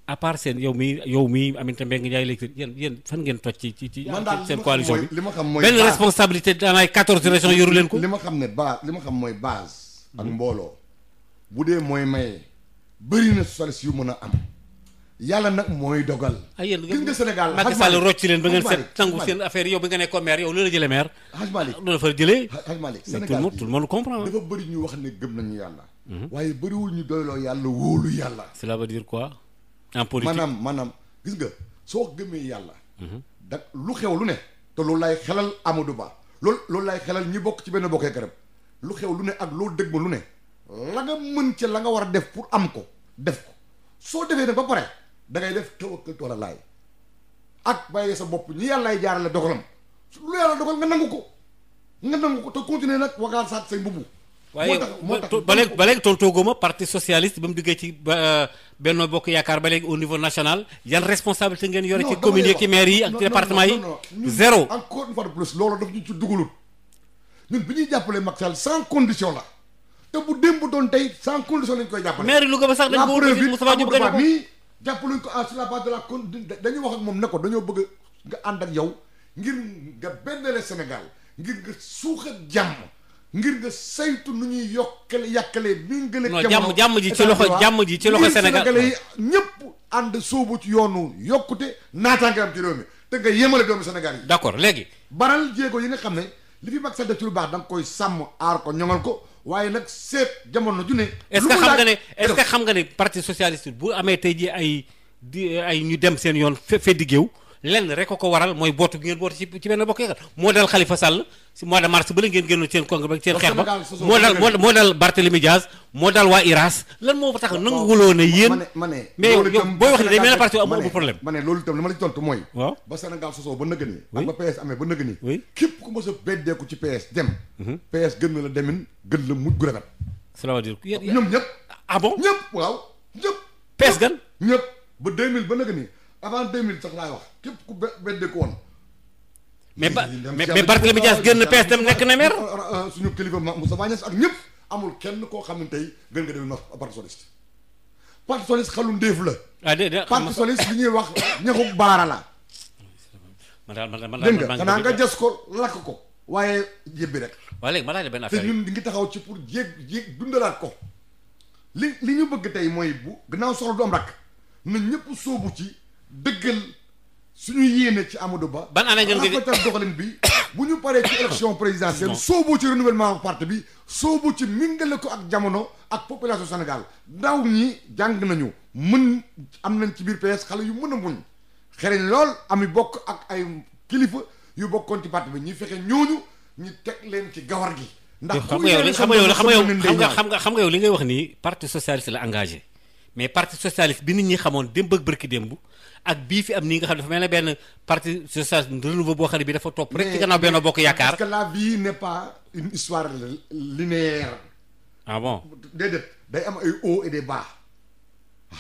à part seen yow mi yow mi Aminata Mbengue Ndiaye léegi yéen yéen fan ngeen toj ci ci ci seen coalition bi mooy benn responsabilité dans quatorze régions yoru leen ko li ma xam ne base li ma xam mooy base ak mbooloo bu dee mooy maye bëri na socialiste yu mën am yàlla nag mooy dogal ah, yéen gis nga Sénégal Macky Sall leen ba ngeen seet tangu seen affaire yow wax ne gëm nañu yàlla mhm. waaye bëriwul ñu doyloo yàlla wóolu yàlla cela veut dire quoi en politique maanaam maanaam gis nga soo gëmee yàlla. da lu xew lu ne. te loolu laay xelal Amadou Ba loolu loolu laay xelal ñi bokk ci benn bokkee garab lu xew lu ne ak loo dëgg ma lu ne la nga mën ca la nga war a def pour am ko def ko soo defee nag ba pare da ngay def tawakkal wala laay ak bàyyi sa bopp ñi yàllaay jaarale dogalam su lu yàlla dogal nga nangu ko nga nangu ko te continuer nag wagaal saat say mbubu. waaye ba léegi ba léegi tontoo ma parti socialiste ba mu diggee ci euh, Benno Bokk Yaakaar ba léegi au niveau national yan responsabilité ngeen yore ci commune yi ci maire yi ak ci département yi zéro encore une ñuy jàppalee Macky Sall condition la te doon tey sans condition lañ koy jàppale sax dañ ko Moustapha Diop gañ ko mii jàppaluñ ko sur la base de la dañu wax ak moom ne ko dañoo bëgg nga ànd ak yow ngir nga bennale Sénégal ngir nga suuxat jàmm ngir nga saytu nu ñuy yokkale yàkkale mi ngale jamono jàmm ji ci loxo jàmm ji ci loxo Sénégal yi ñëpp ànd soobu ci yoonu yokkute naataange am ci réew mi te nga yemale doomu Sénégal yi d'accord léegi baral jéego yi nga xam ne li fi mag sa def ci lu baax da nga koy sàmm aar ko ñoŋal ko waaye nag seet jamono ju ne est-ce xam nga ne est-ce que xam nga ne parti socialiste bu amee tey ji ay di ay ñu dem seen yoon fe feddi géew lenn rek ko ko waral mooy bootu bi ngeen bootu ci ci benn bokk yaakaar moo dal Khalifa Sall si mois de mars ba la ngeen génnoon seen congrès ba seen xeex ba moo dal moo moo dal Barthélemy Diaz moo dal waa IRAS lan moo fa tax nanguwuloo ne yéen mais booy wax ne day mel ne parti amul problème ba Sénégal sosoo ba nëgg ni képp ku mos a beddeeku ci PS dem mhm. PS gën na la demin gën la mujj gu rafet cela veut ñëpp ah ñëpp PS gan ñëpp ba 2000 ba nëgg ni avant 2000 sax laay wax képp ku bedde ko woon. mais ba mais Barthélemy Dias génn PS dem nekk na maire. suñu kilifa Moustapha Niasse ak ñëpp amul kenn koo xam ne tey gën nga demee parti socialiste parti socialiste xalu ndéef la. ah déedéet parti socialiste li ñuy wax ñaxu baara la. man daal man man dégg nga xanaa nga jës ko lakk ko. waaye jébbi rek. waaye léegi ma laaj la benn affaire te ñun di ngi taxaw ci pour jéeg jéeg dundalaat ko li li ñu bëgg tey mooy bu gannaaw soxla du am rakk na ñëpp sóobu ci. dëggal suñu yéene ci Amadou Ba. ban année ngeen ko rafetal doxalin bi bu ñu paree ci élection présidentielle. soobu ci renouvellement parti bi soobu ci mingale ko ak jamono ak population Sénégal ndaw ñi jàng nañu mën am nañ ci biir PS xale yu mën a muñ xereñ lool am ami bokk ak ay kilifa yu bokkoon ci parti bi ñi fexe ñooñu ñu teg leen ci gawar gi. ndax xam nga yow li xam nga yow li xam nga yow li ngay wax nii parti socialiste la engagé. mais parti socialiste bi nit ñi xamoon démb ak bërki démb ak bii fi am nii nga xam dafa mel ne benn parti socialiste renouveau boo xam bi dafa topp rek ci gannaaw benn bokk yaakaar. parce que la vie pas une histoire linéaire. ah day am ay hauts et des bas.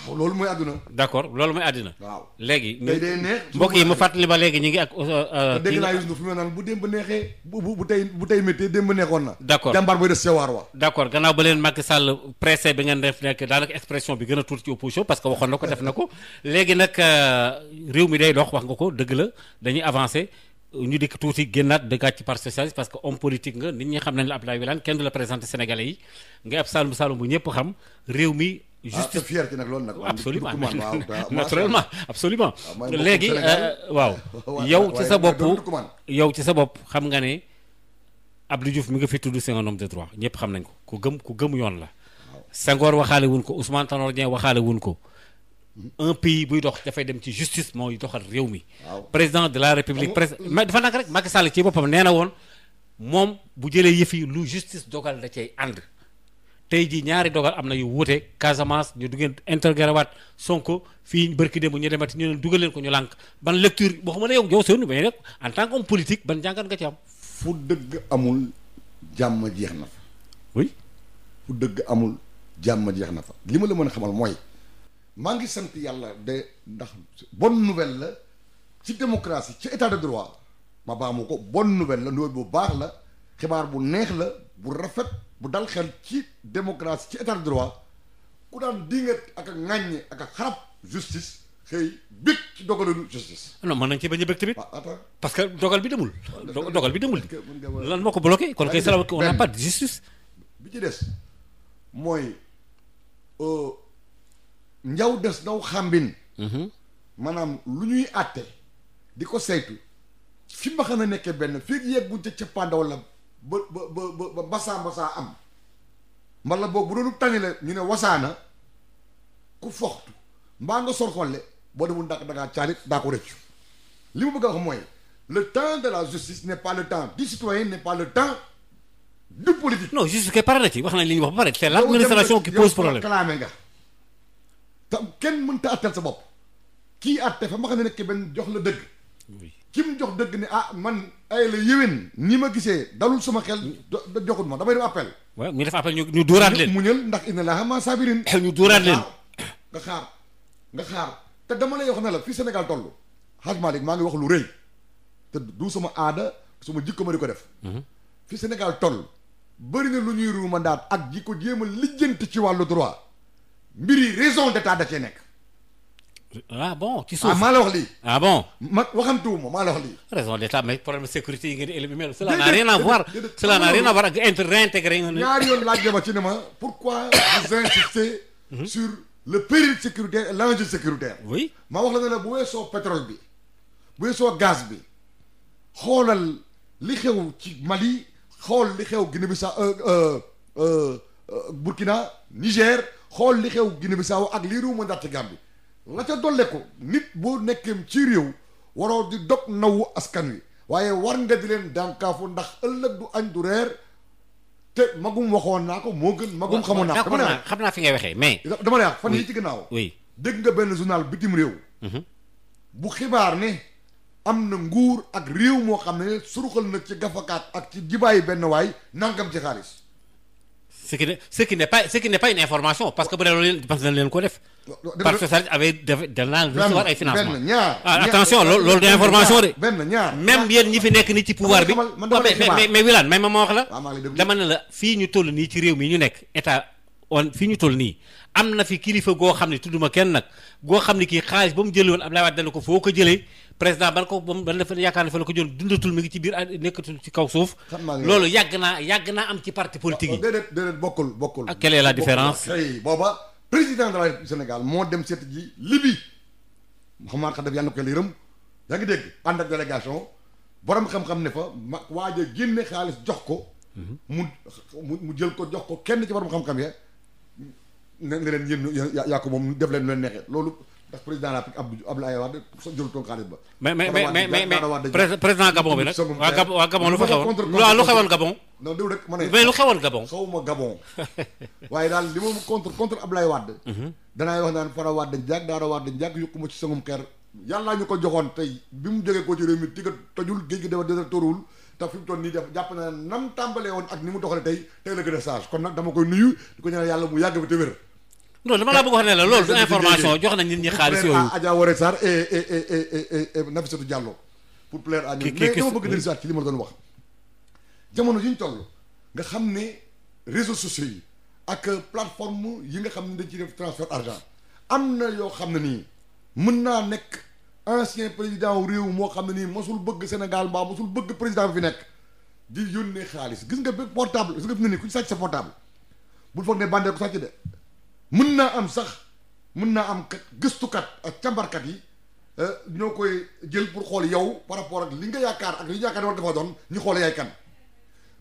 loolu mooy àdduna. d'accord loolu mooy àddina. waaw léegi. tey day neex yi ma fàttali ba léegi ñu ngi ak. Euh, euh, dégg naa dem Ndour fi mu naan bu démb neexee bu neexoon na. d'accord jàmbaar booy des sewaar wa. d'accord gannaaw ba leen Macky Sall pressé bi ngeen def nekk daanaka expression bi gën a tuuti ci opposition parce que waxoon na ko def na ko léegi nag euh, réew mi dey dox wax nga ko dëgg la dañuy avancer. ñu dikk tuuti génnaat dëggaat ci parti socialiste parce que homme politique nga nit ñi xam nañ la Abdoulaye Wilane kenn du la présenté Sénégalais xam réew mi Ah, justice fierté nag loolu nag. absolument naturellement absolument léegi euh, waaw yow ci sa bopp yow ci sa bopp xam nga ne Abdou Diouf mi nga fi tudd c'est un homme de droit ñëpp xam nañ ko ku gëm ku gëm yoon la Senghor waxaale wuñ ko Ousmane Tanor Dieng waxaale wuñ ko un pays buy dox dafay dem ci justice mooy doxal réew mi président de la république prés mais dafa nag rek Macky Sall ci boppam nee na woon moom bu jëlee yëf yi lu justice dogal da cay ànd tey jii ñaari dogal am na yu wuute Casamance ñu duggeen interroger waat Sonko fii bërki bu ñu demati ñu ne leen ko ñu lànk ban lecture boo xam ne yow yow seenu mais rek en tant qu'homme politique ban jàngat nga ci am fu amul jàmm jeex na fa oui dëgg amul jàmm jeex na fa li ma la mën a xamal mooy maa ngi sant yàlla de ndax bonne nouvelle la ci démocratie ci état de droit ma baamu ko bon nouvelle la nouvelle bu baax la xibaar bu neex la bu rafet bu dal xel ci démocratie ci état de droit ku daan dingat ak a ŋàññe ak a xarab justice xëy bég ci dogaluñu justice. Ah non man nañ ci ba a bég tamit. Ah, parce que dogal bi demul. dogal bi demul lan moo ko bloqué. kon kay sala on n'a pas de justice. bi ci des mooy euh, njaw des naw xàmbin. Mhm. maanaam lu ñuy àtte di ko saytu fi ma xam ne nekkee benn fii yegguñ ca cappaandaw la. ba ba ba ba basaa basaa am mbala boobu bu doonu tani la ñu ne wasaana ku foxtu mbaa nga sor xolle boo demul ndàkk dangaa caalit daa ko rëccu li mu bëgg a wax mooy le temps de la justice n'est pas le temps du citoyen n'est pas le temps du politique. non juste que pare na ci wax nañ li ñu wax ba pare. c'est l'administration qui pose problème clamé nga. te kenn mënta àttal sa bopp kii àtte fa ma xam ne nekk benn jox la dëgg. ki mu jox dëgg ni ah man ay la yéwén nii ma gisee dalul sama xel mm. joxut ma damay def appel. waaw ñu def appel ñu ñu dóoraat leen mu ñël ndax inna laaha maa saabiriin ñu dóoraat leen nga xaar nga xaar te dama lay wax ne la fii Sénégal toll Hadj Malick maa ngi wax lu rëy te du suma aada sama jikko ma di ko def. Mm-hmm. fi Sénégal toll bëri na lu ñuy ruumandaat ak ji ko jéem a lijjanti ci wàllu droit mbiri raison d'état da cee nekk. ah bon ci suuf ah maa la wax lii. ah bon ma waxantuwuma maa la wax lii. raison d'état mais problème sécurité yi ngeen di éliminer. cela n'a a à voir cela n'a rien à voir ak inter réintégrer. ñaari yoon laaj dama ci ne ma pourquoi vous insistez mhm. sur le péril sécuritaire et l'enjeu sécuritaire. oui ma wax la ne bu weesoo pétrole bi bu weesoo gaz bi xoolal li xew ci Mali xool li xew Guinée-Bissau euh, euh, euh, Burkina Niger xool li xew Guinée-Bissau ak lii réew ma ndaxte Gambie. la ca dolle ko nit boo nekkeem ci réew waroo di dog nawu askan wi waaye war nga di leen dànkaafu ndax ëllëg du añ du reer te magum waxoon naa ko moo gën magum xamoon naa ko dama xam naa fi ngay waxee mais dama ne wax ah, fan yi ci gannaaw oui benn journal bitim réew mhm. bu xibaar ne am na nguur ak réew moo xam ne suruxal na ci gafakaat ak ci jibaay benn waay nangam ci xaalis ce qui ne ce qui n'est pas ce qui n'est pas une information parce que bu dee loolu parce que dañ leen ko def. parce que Sadio avait dana recevoir ay ah, attention loolu de information de. benn ñaar ñi fi nekk nii ci pouvoir bi. Oh, mais mais may ma ma wax la. dama ne la fii ñu toll nii ci réew mi ñu nekk état on fii ñu toll nii am na fi kilifa goo xam ne tudduma kenn nag goo xam ne kii xaalis ba mu jëlee woon Abdoulaye Wade dana ko foo ko jëlee président ban ko ba mu yaakaar ne fa la ko jël dundatul mi ngi ci biir ah, nekkatul ci kaw suuf. loolu naa yàgg naa am ci parti politique yi. Ah, déedéet déedéet bokkul bokkul. ak ah, quelle la différence booba président de la République du Sénégal moo dem seet ji Libye Mouhamed Khadaf yàlla na ko yërëm yaa ngi dégg ànd ak délégation boroom xam-xam ne fa ma waa a génne xaalis jox ko. Mhm. mu mu jël ko jox ko kenn ci borom xam-xam ya ne ne leen yéen yaa ko moom def leen lu leen neexee loolu ndax président la Abdou Abdoulaye Wade jël toon xaalis ba. mais mais mais mais président Gabon bi nag. waa Gabon lu fa xewoon lu xewoon Gabon. non déglu rek ma ne. mais lu xewoon Gabon. xawma Gabon waaye daal li moom contre contre Abdoulaye Wade. Mhm. danaay wax naan fara Wade njaag daara Wade njaag yuquma ci sangum xeer. yàllaa ñu ko joxoon tey bi mu jógee ko ci réew mi tiga tojul géej gi dafa dina tóoruwul te fi mu toll nii def jàpp na nam tàmbalee woon ak ni mu doxalee tey tey la gën a sage kon nag dama koy nuyu di ko ñaanal yàlla mu yàgg bi te wér non dama la bëgg wax ne la loolu du information jox na nit ñi xaalis yooyu. pour plaire à Adja Woré pour plaire à ñoom mais dama bëgg dellu si ci li ma doon wax. jamono yi ñu toll nga xam ne réseaux sociaux yi ak plateforme yi nga xam ne dañ ciy def transfert argent am na yoo xam ne nii mën naa nekk ancien président wu réew moo xam ne nii mosul bëgg Sénégal mbaa mosul bëgg président bi fi nekk di yónnee xaalis gis nga portable gis nga fi mu nii ku sa portable bul foog mën naa am sax mën naa am kat gëstukat ak càmbarkat yi eh, ñoo koy jël pour xool yow par rapport ak li nga yaakaar ak li ñu yaakaar ne war dafa doon ñu xool yaay kan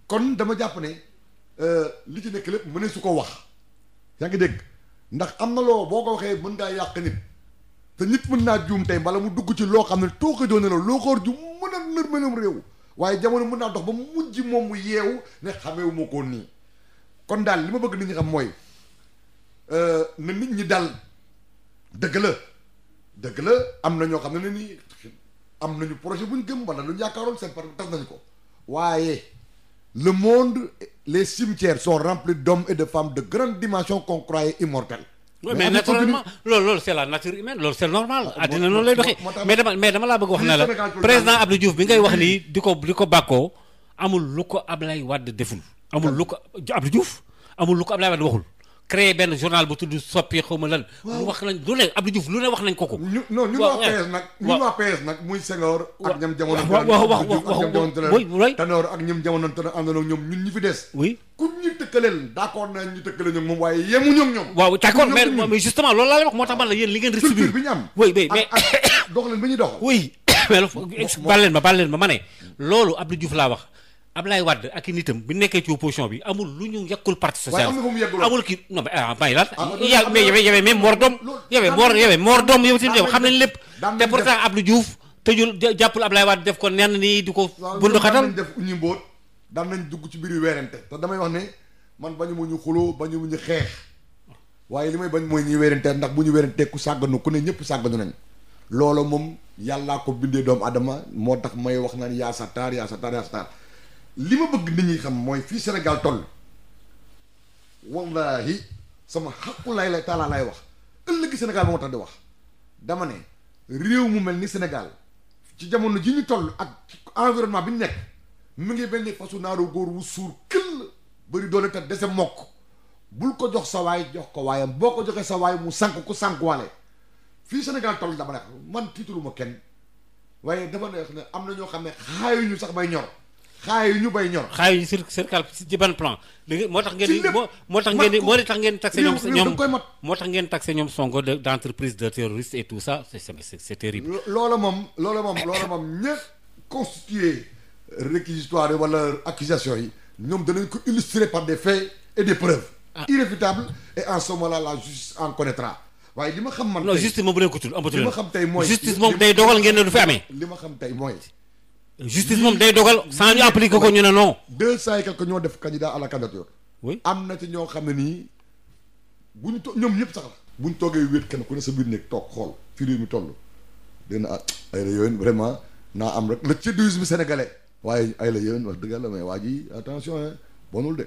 kon dama jàpp ne eh, li ci nekk lépp mënee su ko wax yaa ngi dégg ndax am na loo boo ko waxee mën ngaa yàq nit te nit mën naa juum tey bala mu dugg ci loo xam ne too ko doone la loo ko ju mën a nërmalum réew waaye jamono mën naa dox ba mujj moom mu yeewu ne xameewu ma ko nii kon daal li ma bëgg nit ñi xam mooy Euh, na nit ñi daal dëgg la dëgg la am na ñoo xam ne ni am nañu projet bu ñu gëm wala lu ñu yaakaaroon seen par tas nañu ko waaye le monde les cimetières sont remplis d'hommes et de femmes de grande dimension qu'on croyait immortels Oui, mais, nature humaine loolu c'est normal àddina ah, noonu lay doxee mais dama mais dama laa bëgg wax ne la président Abdou Diouf bi ngay wax nii di ko di ko bàkkoo amul lu ko Ablaye Wade deful amul lu ko Abdou Diouf amul lu ko Ablaye Wade waxul créé benn journal bu tudd soppi xaw ma lan. lu wax nañ lu ne Abdou Diouf lu ne wax nañ ko nag. muy Senghor. ak ñam jamono. waaw waaw ñoom ñun ñu fi des. oui ku ñu tëkkaleel d' accord nañ ñu tëkkale ñoom moom waaye yemuñu ak ñoom. waaw d' mais justement loolu laa lay wax moo tax man la yéen li ngeen. restitué bi ñu am. oui ma baal ma ma loolu Abdou laa wax Ablaye Wade ak i nitam bi nekkee ci opposition bi amul lu ñu yàqul parti social amul kii non mais ah bàyyi lan ya mais yow yow même nañ def ko nenn nii di ko bundu xatal def uñu mbóot nañ dugg ci biiru weerante te damay wax ne man bañu mu ñu xuloo bañu mu ñu xeex waaye li may bañ mooy ñuy weerante ndax bu ñu weerante ku sàgganu ku ne ñëpp sàgganu nañ loolu moom yàllaa ko bindee doomu adama moo tax may wax naan yaa sa taar yaa sa taar yaa sa taar li ma bëgg nit ñi xam mooy fii Sénégal toll wallahi sama xaqu lay lay taalaa lay wax ëllëg Sénégal moo tax di wax dama ne réew mu mel ni Sénégal ci jamono ji ñu toll ak environnement bi ñu nekk mu ngi benn fasu naaru góor wu suur këll bari doole te dese mokk bul ko jox sa waay jox ko waayam boo ko joxee sa waay mu sànq ku sànq waale fii Sénégal toll dama ne man tiitalu ma kenn waaye dama ne am na ñoo xam ne xaayuñu sax bay ñor xaay yu ñu bay ñor. xaay yu cercle ci ban plan. léegi moo tax ngeen di moo tax ngeen di moo tax ngeen di taxé ñoom ñoom moo tax ngeen taxé ñoom Sonko d' entreprise de terroriste et tout ça c' terrible. loola moom loola moom loola moom ñëpp constitué réquisitoire yi wala accusation yi ñoom danañ ko illustrer par des faits et des preuves. Ah. irréfutables et en ce moment la justice xam man. non justice moom bu nekkutul amatul li ma xam justice moom day dogal ngeen ne du fi amee. li ma xam tey justice moom day dogal sans ñu appliquer ko ñu ne non. deux cent et quelque ñoo def candidat à la candidature. am na ci ñoo xam ne nii bu ñu toog ñoom ñëpp sax bu ñu toogee wéet kenn ku ne sa biir néeg toog xool fii réew mu toll. dégg na ah ay la yowin vraiment naa am rek la ci douze bi sénégalais. waaye ay la yowin wax dëgg yàlla mais waa ji attention bonul de.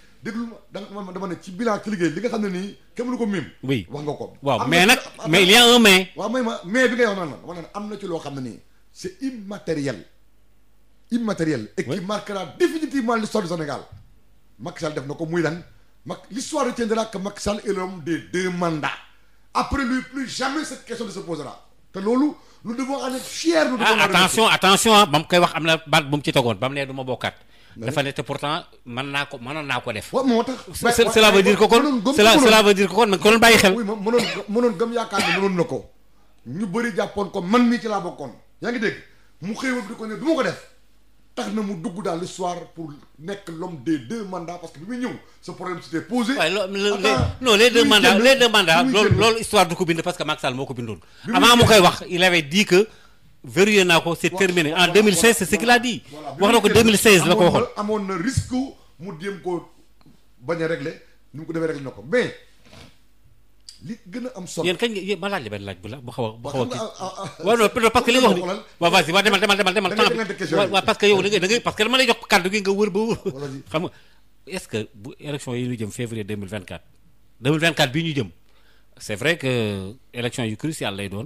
déglu ma da nga dama ne ci bilan ci liggéey li nga xam ne nii kenn mënu ko miim. oui wax nga ko. waaw mais nag mais il y un mais. waaw may ma mais bi nga yow noonu la wax na am na ci loo xam ne nii c'est immatériel immatériel. et qui marquera définitivement l'histoire du Sénégal. Macky saal def na ko muy lan Macky l'histoire retiendra que Macky Sall est l'homme des deux mandats après lui plus jamais cette question ne se posera te loolu. nous devons en être fiers. nous devons ah, attention attention ah, wax am na baat bu mu ci ba ma bokkaat. dafa ne te pourtant mën naa ko mënoon naa ko def. waaw moo tax. cela veut dire que kon cela veut dire que kon nag ko doon bàyyi xel. oui moom mënoon gëm yaakaar ne mënoon na ko ñu bëri jàppoon ko man mii ci laa bokkoon. yaa ngi dégg mu xëy du ko dugg dans l'histoire pour nekk l'homme des deux mandats parce que bi muy ñëw ce problème s'était posé. waaye non les deux mandats les deux mandats loolu loolu histoire du ko bind parce que Macky moo ko bindoon. avant mu koy wax il avait dit verrouillé naa ko c' terminé en 2016 c' est ce qu'il a dit. wax na ko 2016 la ko waxoon amoon a ko defee réglé na ko mais li gën a am solo. yéen kañ ngeen laaj la benn laaj bu la bu xaw bu xaw a. waaw ah, ah, ah, y waaw demal demal demal demal. da ngay waaw parce que yow da ngay dama lay jox kàddu gi nga wër ba wër. xam est ce que bu élection yi ñu jëm février 2024 2024 bii ñu jëm c' vrai que élection yu cruciale lay doon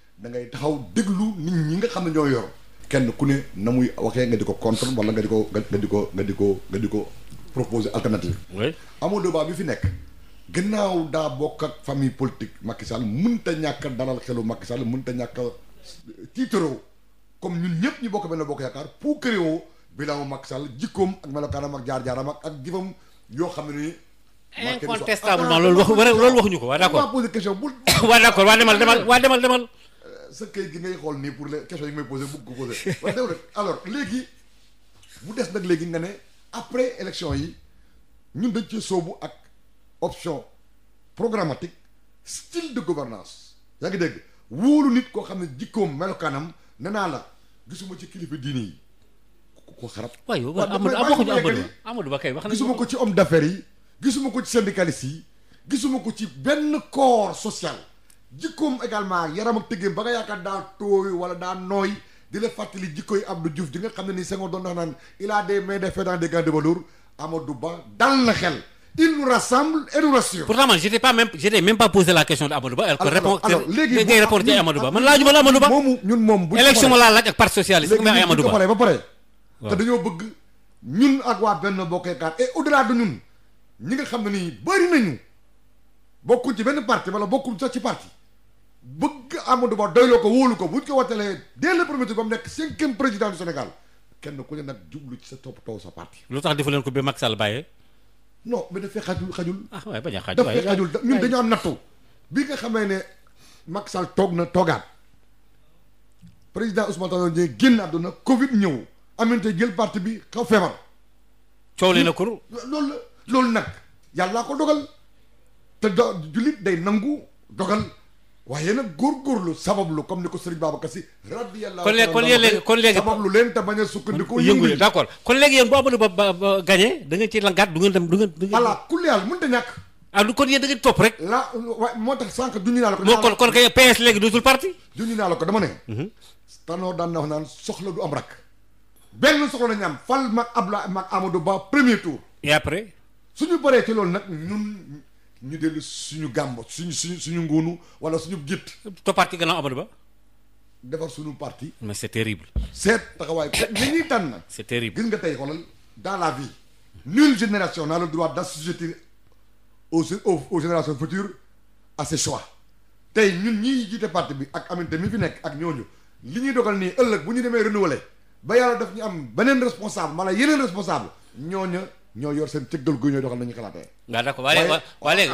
da ngay taxaw déglu nit ñi nga xam ne ñoo yor. kenn ku ne na muy waxee nga di ko contre wala nga di ko nga di ko nga di ko nga di ko proposer alternative. oui Amadou Ba bi fi nekk. gannaaw daa bokk ak famille politique Macky Sall mënta ñàkk dalal xelu Macky Sall mënta ñàkk a tiitaroo comme ñun ñëpp ñu bokk benn bokk yaakaar pour créer bilan Macky Sall jikkoom ak melokaanam ak jaar-jaaram ak ak jëfam yoo xam ne. incontestablement ah, loolu wax ah, ah, loolu waxuñu ko waaw d'accord. maa posé question bu. waaw d'accord waa demal demal waa demal demal. sa këyit gi ngay xool nii pour les questions yi may posé bëgg ko posé wax dëgg alors léegi bu des nag léegi nga ne après élection yi ñun dañ cee soobu ak option programmatique style de gouvernance yaa ngi dégg wóolu nit koo xam ne jikkoom melokaanam ne naa la gisuma ci kilifa diini yi ku ko xarab. waaye Amadou Amadou Amadou Amadou Ba kay wax na gisuma ko ci homme d'affaires yi gisuma ko ci syndicalistes yi gisuma ko ci benn corps social. jikkoom également yaram ak tëggeem ba nga yaakaar daa tooy wala daa nooy di la fàttali jikkooy Abdou Diouf di nga xam ne ni Senghor doon wax naan il a des mains de fer dans des gants de velours Amadou Ba dal na xel il nous rassemble et nous rassure. pourtant man j'étais pas même pas posé la question de Amadou Ba. alors alors alors léegi ngay répondre la Amadou Ba. moomu ñun moom bu laaj ak parti socialiste. léegi ñun bëgg ñun ak waa benn bokk yaakaar et au delà ñun ñi nga xam ne nii bëri nañu bokkuñ ci benn parti wala bokkuñ sax ci parti bëgg Amadou Ba doyloo ko wóolu ko buñ ko watalee dès le premier tour ba mu nekk cinquième président du Sénégal kenn ku ne nag jublu ci sa topp toog sa parti. lu tax defu leen ko bi Macky Sall bàyyee. non mais dafay xajul xajul. ah waay bañ a xaj dafay xajul ñun dañu bi nga xamee ne Macky Sall toog na toogaat président Ousmane Tanor Dieng génn àdduna Covid ñëw aminte jël parti bi xaw feebar. coow leen na ko loolu la loolu nag yàllaa ko dogal te do jullit day nangu dogal. waaye nag góorgóorlu sabablu comme ni ko sëriñ Babacar Si radiyallahu kon léegi kon léegi kon léegi sabablu leen te bañ a sukkandiku yëngu d' accord kon léegi yéen boo Amadou Ba ba gagné da ngeen ci langaat du ngeen dem du ngeen voilà ku leyal mënut a ñàkk ah du kon yéen da ngeen topp rek la wa moo tax sànq duñu naa la ko moo kon kon kay PS léegi dootul parti duñu naa la ko dama ne mhm. Tanor daan na wax naan soxla du am rak benn soxla nañu am fal mag Abdoulaye mag Amadou Ba premier tour et après suñu bëree ci loolu nag ñun ñu dellu suñu gàmbo suñu suñu suñu nguunu wala suñu gitt toppaat ki gannaaw Amadou Ba defar suñu parti mais c'est terrible seet taxawaay li ñuy tànn c'est terrible gis nga tey xoolal dans la vie nulle génération n'a le droit au aux aux générations futures à ses choix tey ñun ñii jiite parti bi ak aminte mi fi nekk ak ñooñu li ñuy dogal nii ëllëg bu ñu demee renouveler ba yàlla def ñu am beneen responsable maanaam yeneen responsable ñooña ñoo yor seen cëggal gu ñooy doxal nañu xalaatee. waaw d'accord waaye waaye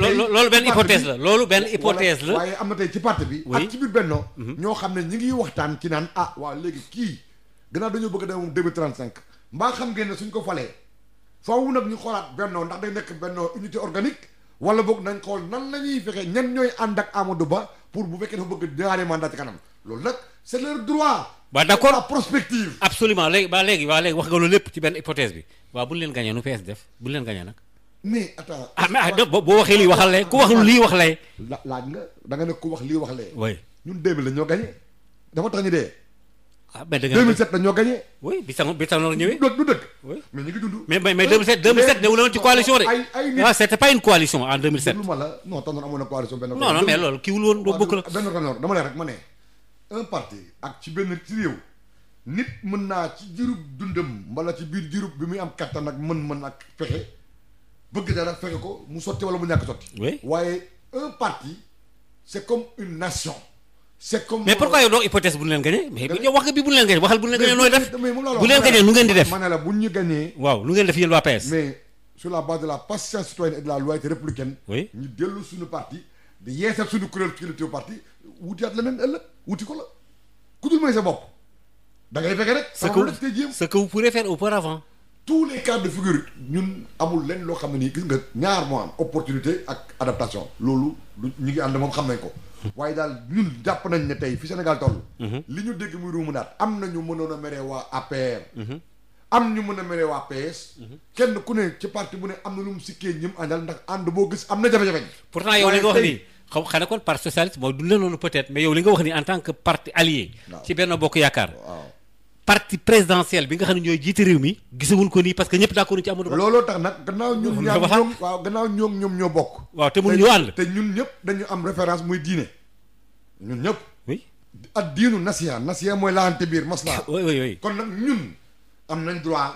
léegi loolu benn hypothèse la loolu benn hypothèse am na tey ci parti bi. ak ci biir Benno. Mhm. ñoo xam ne ñu ngi waxtaan ci naan ah waa léegi kii gannaaw dañoo bëgg a dem 2035 mbaa xam ngeen ne suñ ko falee faaw nag ñu xoolaat Benno ndax day nekk Benno unité organique wala boog nañ xool nan la ñuy fexe ñan ñooy ànd ak Amadou Ba pour bu fekkee dafa bëgg ñaari mandat ci kanam. loolu nag c'est leur droit. waaw d'accord la prospective. absolument léegi ba léegi waa léegi wax nga loolu lépp ci benn hypothèse bi waaw bu ñu leen gagné nu PS def bu ñu leen gagné nag. mais attends. ah mais ah, boo waxee lii waxal lee ku wax lii wax lee. la laaj nga da nga ne ku wax lii wax lee. oui ñun 2000 la ñoo gagné dafa tax ñu dee. ah mais da nga 2007 la ñoo gagné. oui bi sama bi sama noonu ñëwee. du dëkk oui mais ñu ngi dund. mais mais 2007 2007 newul woon ci coalition de. ay ay nit waaw ah, c'était pas une coalition en 2007. lu ma la non tax na amoon na coalition benn. non non mais loolu kii wul woon doo bokk la. benn dama ne rek ma ne. un parti ak ci benn ci nit mën naa ci jurub dundam mbala ci biir jurub bi muy am kattan ak mën-mën ak fexe bëgg dara fexe ko mu sotti wala mu ñàkk sotti. waaye un parti c'est comme une nation. c'est comme mais pourquoi yow doo hypothèse bu ñu leen gagné mais bu ñu leen gagné waxal bu ñu leen gagné nooy def bu leen gagné nu ngeen di def ma ne la bu ñu gagné waaw lu ngeen def yéen waa PS mais sur la base de la kuréel kilifteefu parti wutiwaat leneen ëllëg wuti ko la ku dul may sa bopp da ngay fekke rek. sama bopp daf koy jéem ce que vous pourrez faire auparavant. tous les cas de figure ñun amul lenn loo xam ne nii gis nga ñaar moo am opportunité ak adaptation loolu lu ñu ngi moom xam nañ ko. waaye daal ñun jàpp nañ ne tey fi Sénégal toll. Mhm. li ñu dégg muy ruumu naat am na ñu mënoon a mere waa APR. Mhm. am ñu mën a mere waa PS. Mhm. kenn ku ne ci parti bu ne am na lu mu sikkee ñim àndal ndax ànd boo gis am na jafe-jafe. pourtant yow li nga wax nii xaw xanaa kon parti socialiste mooy du la noonu peut-être mais yow li nga wax ni en tant que parti allié. ci benn bokk yaakaar. parti présidentiel bi nga xam ne ñooy jiite réew mi gisawuñ ko nii parce que ñëpp d'accord ci Amadou Ba. looloo tax nag gannaaw ñun ñoom ñoo bokk. waaw te mënuñoo ànd te ñun ñëpp dañu am référence muy diine ñun ñëpp. oui ak diinu nasiya nasiya mooy laante biir maslaa. oui oui kon nag ñun am nañ droit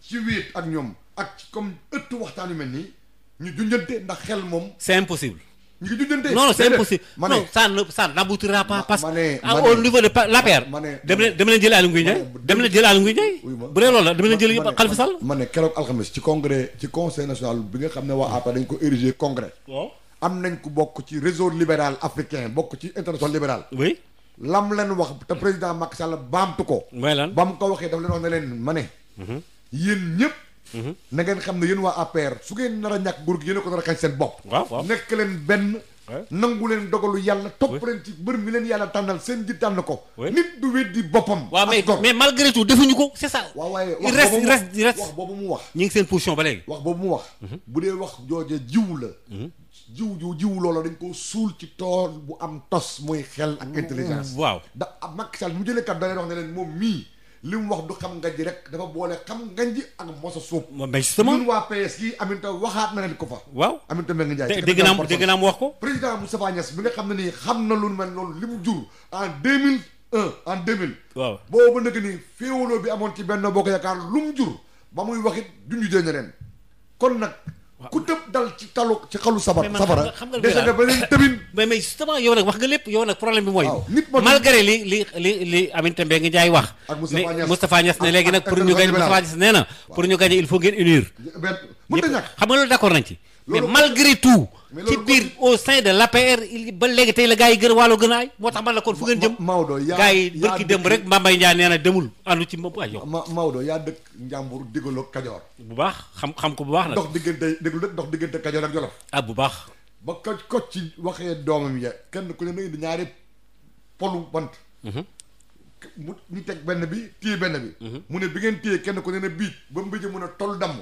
ci wéet ak ñoom ak comme ëttu waxtaan yu mel nii ñu junjante ndax xel moom. c'est impossible. ñu ngi jujjante non non c'est impossible non ça ne ça n'aboutira pas parce ah, au niveau de la paire dem leen leen jëli Aliou Ngouille bu dee loolu la dem leen jëli Khalifa Sall ma ne keroog alxames ci congrès ci conseil national bi nga xam ne waa APR dañ ko érigé congrès oh. am nañ ko bokk ci réseau libéral africain bokk ci international libéral oui lam leen wax te président Macky Sall baamtu ko mooy lan ba mu ko waxee daf leen wax ne leen ma ne mhm. yéen ñëpp Mhm. na ngeen xam ne yéen waa APR su ngeen nar a ñàkk nguur gi yéen a ko nar a xañ seen bopp nekk leen benn nangu leen dogalu yàlla topp leen ci mbër mi leen yàlla tànnal seen ji tànn ko nit du weddi boppam waaw mais mais malgré tout defuñu ko c'est ça waaw waaye wax boobu mu wax ñu ngi seen position ba léegi wax boobu mu mhm. bu dee wax jooje jiw la mhm. jiw jiw jiw loola dañ koo suul ci tool bu am tos muy xel ak intelligence waaw da Macky Sall mu jëlee kat da leen wax ne moom mii li mu wax du xam nga ji rek dafa boole xam nga ji ak mos a suub. mais justement ñun waa PS yi Aminata waxaat na leen ko fa. waaw Aminata Mbengue Ndiaye. dégg naa dégg naa mu wax ko. président Moustapha Niass bi nga xam ne nii xam na lu mel noonu li mu jur en deux mille un en deux mille. boobu nag nii féewaloo bi amoon ci benn boo ko yaakaar lu mu jur ba muy wax it duñu jënd kon nag. ku tëb dal ci talu ci xalu sabar safara dese nga ba léegi tëbin mais mais justement yow nag wax nga lépp yow nag problème bi mooy malgré li li li li Aminata Mbengue Ndiaye wax ne Moustapha ne léegi nag pour ñu gañ Moustapha Niass nee na pour ñu gañe il faut ngeen unir xam nga loolu d'accord nañ ci mais malgré tout. ci biir au sein de l'APR il ba léegi tey la gaa yi gën wàllu gën aay moo tax man la kon fu ngeen jëm. Maodo yaa gars yi bërki rek Mbambay Ndiaye nee na demul àndu ci moom ay yow. Ma Maodo yaa dëkk Njàmbur digaloo Kajoor. bu baax xam xam ko bu baax nag. dox diggante déglu dox diggante Kajoor ak Jolof. ah bu baax. ba ko ko ci waxee doomam ya kenn ku ne na indi ñaari polu bant. Mhm. mu ñu teg benn bi téye benn bi. Mhm. mu ne bi ngeen téye kenn ku ne na biij ba mu bi mën a toll damm.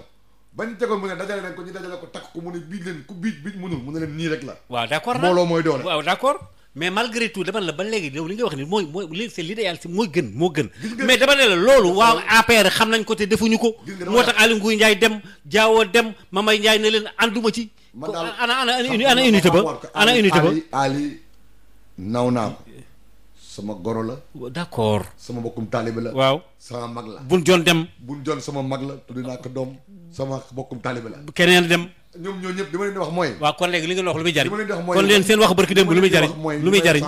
bañ tegoon mu ne dajale leen ko ñu dajale ko takk ko mu ne biij leen ku biij biij mënul mu ne leen nii rek la waaw d'accord mbooloo mooy doole waaw d'accord mais malgré dama ne la ba léegi yow li nga wax ni mooy mooy li c'est l'idéal si mooy gën moo gën mais dama ne la loolu waaw APR xam nañ ko te defuñu ko moo tax Aly Ngouille Ndiaye dem Diawo dem Mamay Ndiaye ne leen ànduma ci ana ana ana unité ba ana unité ba Ali naw naa ko sama goro la d'accord sama bokkum taalibe la waaw sama mag la bun jon dem bun jon sama mag la tudd naa doom sama bokkum taalibe la keneen dem ñoom ñoo ñëpp li ma leen di wax mooy waa kon léegi li ngeen wax lu muy jariñ li ma leen di wax mooy kon leen seen lu muy jariñ lu muy jariñ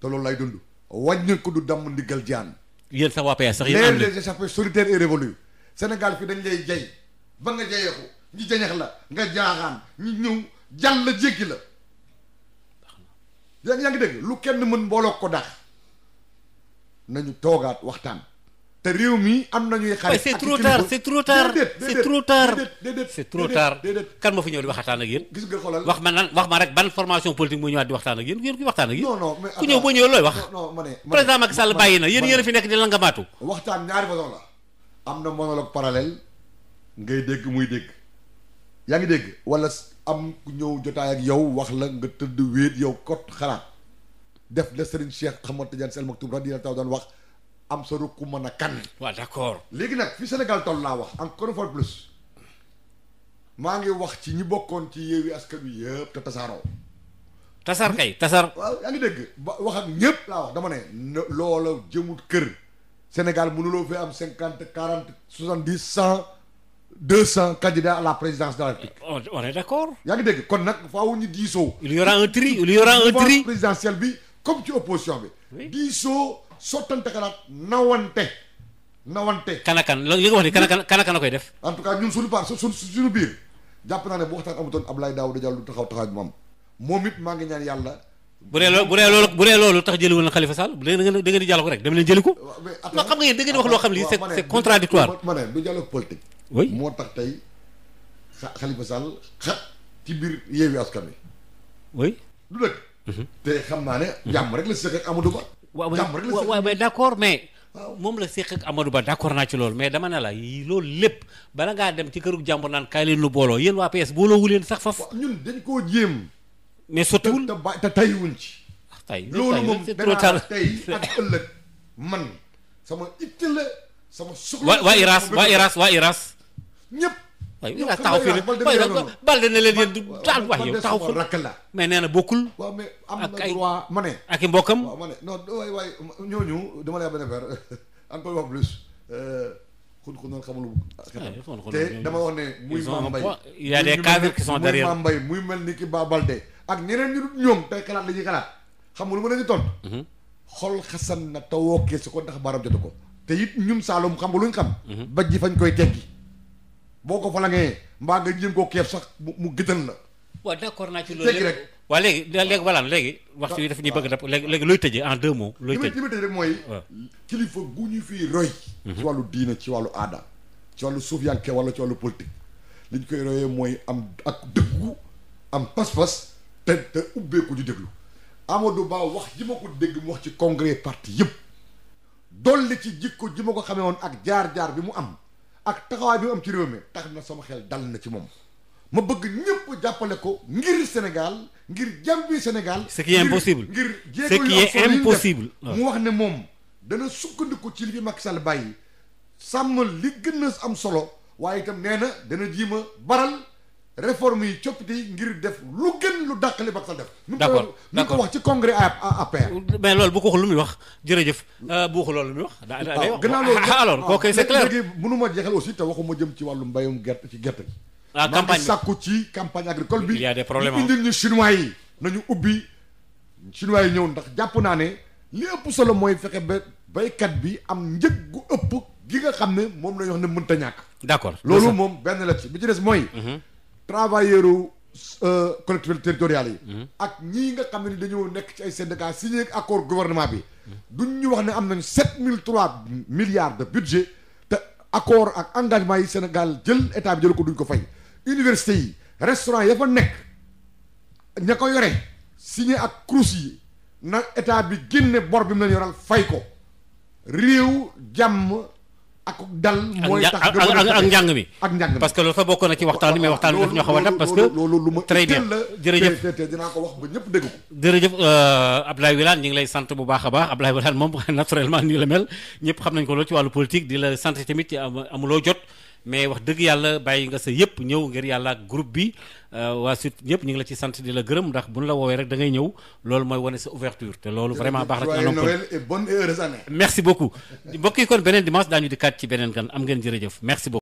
te loolu lay dund wàññi ko du damm ndiggal jaan yéen sax waa PS sax yéen les échappés solitaires et révolus Sénégal fi dañ lay jay ba nga jayeeku ñi jañex la nga jaaxaan ñi ñëw jàll la jéggi la yaa ngi dégg lu kenn mën mbooloo ko dax nañu toogaat waxtaan te réew mi am nañuy xarit c'est trop tard c'est trop tard c'est trop tard c'est trop tard kan ma fi ñëw di waxtaan ak yéen gis nga xoolal wax ma nan wax ma rek ban formation politique moo ñëwaat di waxtaan ak yéen yéen ku waxtaan ak yéen non non ku ñëw boo ñëwee looy wax président Macky Sall bàyyi na yéen yéen fi nekk di la nga maatu waxtaan ñaari façon la am na monologue parallèle ngay dégg muy dégg yaa ngi dégg wala am ku ñëw jotaay ak yow wax la nga tëdd wéet yow kot xalaat def la Serigne Cheikh Ahmad Tidiane Sy Al Maktoum radiyallahu ta'ala daan wax am sa rukk mën a kan waaw d'accord léegi nag fi Sénégal toll laa wax encore une fois plus maa ngi wax ci ñi bokkoon ci Yewwi Askan Wi yëpp te tasaaroo tasar kay tasar waaw yaa ba wax ak ñëpp laa wax dama ne loola jëmut kër Sénégal mënuloo fi am cinquante quarante soixante dix cent deux cent candidats à la présidence de la on est d'accord yaa ngi dégg kon nag faaw ñu diisoo il y aura un présidentiel bi comme ci opposition bi diisoo sottante xalaat nawante nawante kanakan li nga wax ni kanakan kanakan a koy def en tout cas ñun suñu part suñu suñu biir jàpp naa moom it maa ngi ñaan yàlla bu dee loolu bu dee loolu bu dee loolu tax jëli woon Khalifa Sall da ngeen da ngeen di jàllale ko rek dem leen jëli ko xam nga yéen da ngeen wax loo xam lii c'est contradictoire moo tax tey Khalifa Sall xat ci biir Yewwi Askan Wi oui du dëkk mhm. te xam naa ne jàmm rek la si ak Amadou Ba jàmm rek la waaw mais d'accord mais. waaw moom la séq ak Amadou Ba d'accord naa ci loolu mais dama ne la loolu lépp bala ngaa dem ci këru jàmbur naan kaay leen lu booloo yéen waa PS booloowu leen sax faf ñun dañ koo jéem. mais sottiwul te tayiwuñ ci. Ah, tay loolu moom danaa tey ak ëllëg man sama itte la sama. soxla waa waa Iras waa Iras waa Iras. ñëpp. waaye yow taxaw fii nii balde na leen yéen du la mais nee na bokkul. waaw mais am na droit ak mbokkam ma ne non waay waay ñooñu dama lay benn affaire encore wax plus. xun euh, xun noonu xamul. Ah, te dama wax ne. muy Mame a des cadres qui sont derrière muy Mame Mbaye muy mel ni ki Ba Balde ak ñeneen ñu dut ñoom tey xalaat la ñuy xalaat xam nga lu ma leen di tontu. Mm-hmm. xol xasan na te wokkee si ko ndax baaram jotu ko te it ñun Saalum xam nga luñ xam. Mm-hmm. bajji fañ koy teggi boo ko falangee mbaa nga jëm koo keef sax mu gëtan la waa d'accord naa ci loolu rek waaw léegi léegi walaam léegi waxtu yi daf ñuy bëgg dap léegi léegi looy tëjee en deux mots looy tëj mooy kilifa gu ñu fii roy ci mhm. wàllu diina ci wàllu aada ci wàllu suufiyanke wala ci wàllu politique li ñu koy royee mooy am ak dëggu am pas-pas te te ubbeeku di déglu Amadou Ba wax ji ma ko dégg mu wax ci congrès parti yëpp dolli ci jikko ji ma ko xamee woon ak jaar-jaar bi mu am ak taxawaay bi am ci réew mi tax na sama xel dal na ci moom ma bëgg ñëpp jàppale ko ngir Sénégal ngir jàmbi Sénégal. ce qui est impossible ngir ce qui est impossible mu wax ne moom dana sukkandiku ci li fi Macky Sall bàyyi sàmm li gën a am solo waaye itam nee na dana jiima baral. réforme yi coppite yi ngir def lu gën lu dàq li Macky def. d' accord d' accord wax ci congrès APR. Euh, mais loolu bu ko lu muy wax jërëjëf. Euh, bu waxul loolu muy wax. daa day ah, wax ah, alors kooku c' est clair léegi mënu ma jeexal aussi te waxuma jëm ci wàllu mbayum gerte ci gerte gi. ah campagne maa ngi sàkku ci campagne agricole bi. il y a des problèmes indil ñu ñëw ndax jàpp naa ne li ëpp solo mooy ba béykat bi am njëg gu ëpp gi nga xam ne moom la ñu wax ne mënta ñàkk. d' accord loolu moom benn la ci bi ci des mooy mm-hmm. travailleur u euh, collectivités territoriales yi ak ñii nga xam ni dañoo nekk ci ay syndicat signé accord gouvernement bi du ñu wax ne am nañ sept mille trois milliards de budget te accord ak engagement yi Sénégal jël état bi jël ko duñ ko fay université yi restaurant ya fa nekk ña ko yore signé ak CROUS yi na état bi génne bor bi mu leen yoral fay ko réew jàmm ak dal mooy tax ak njàng mi ak njàng parce que loolu sax bokk a ci waxtaan bi mais waxtaan bi daf ñoo xaw a dab parce que loolu lu ma très bien jërëjëf euh, ñu ngi lay sant bu baax a baax Abdoulaye Wilane moom naturellement nii la mel ñëpp xam nañ ko loolu ci wàllu politique di la sant tamit amuloo jot mais wax dëgg yàlla bàyyi nga sa yëpp ñëw ngir yàlla ak groupe bi Euh, waa sut ñëpp ñu ngi la ci sant di la gërëm ndax bu ñu la woowee rek da ñëw loolu mooy wane sa ouverture te loolu vraiment baax na ci merci beaucoup mbokk kon beneen dimanche daañu di kat ci beneen gan am ngeen jërëjëf merci beaucoup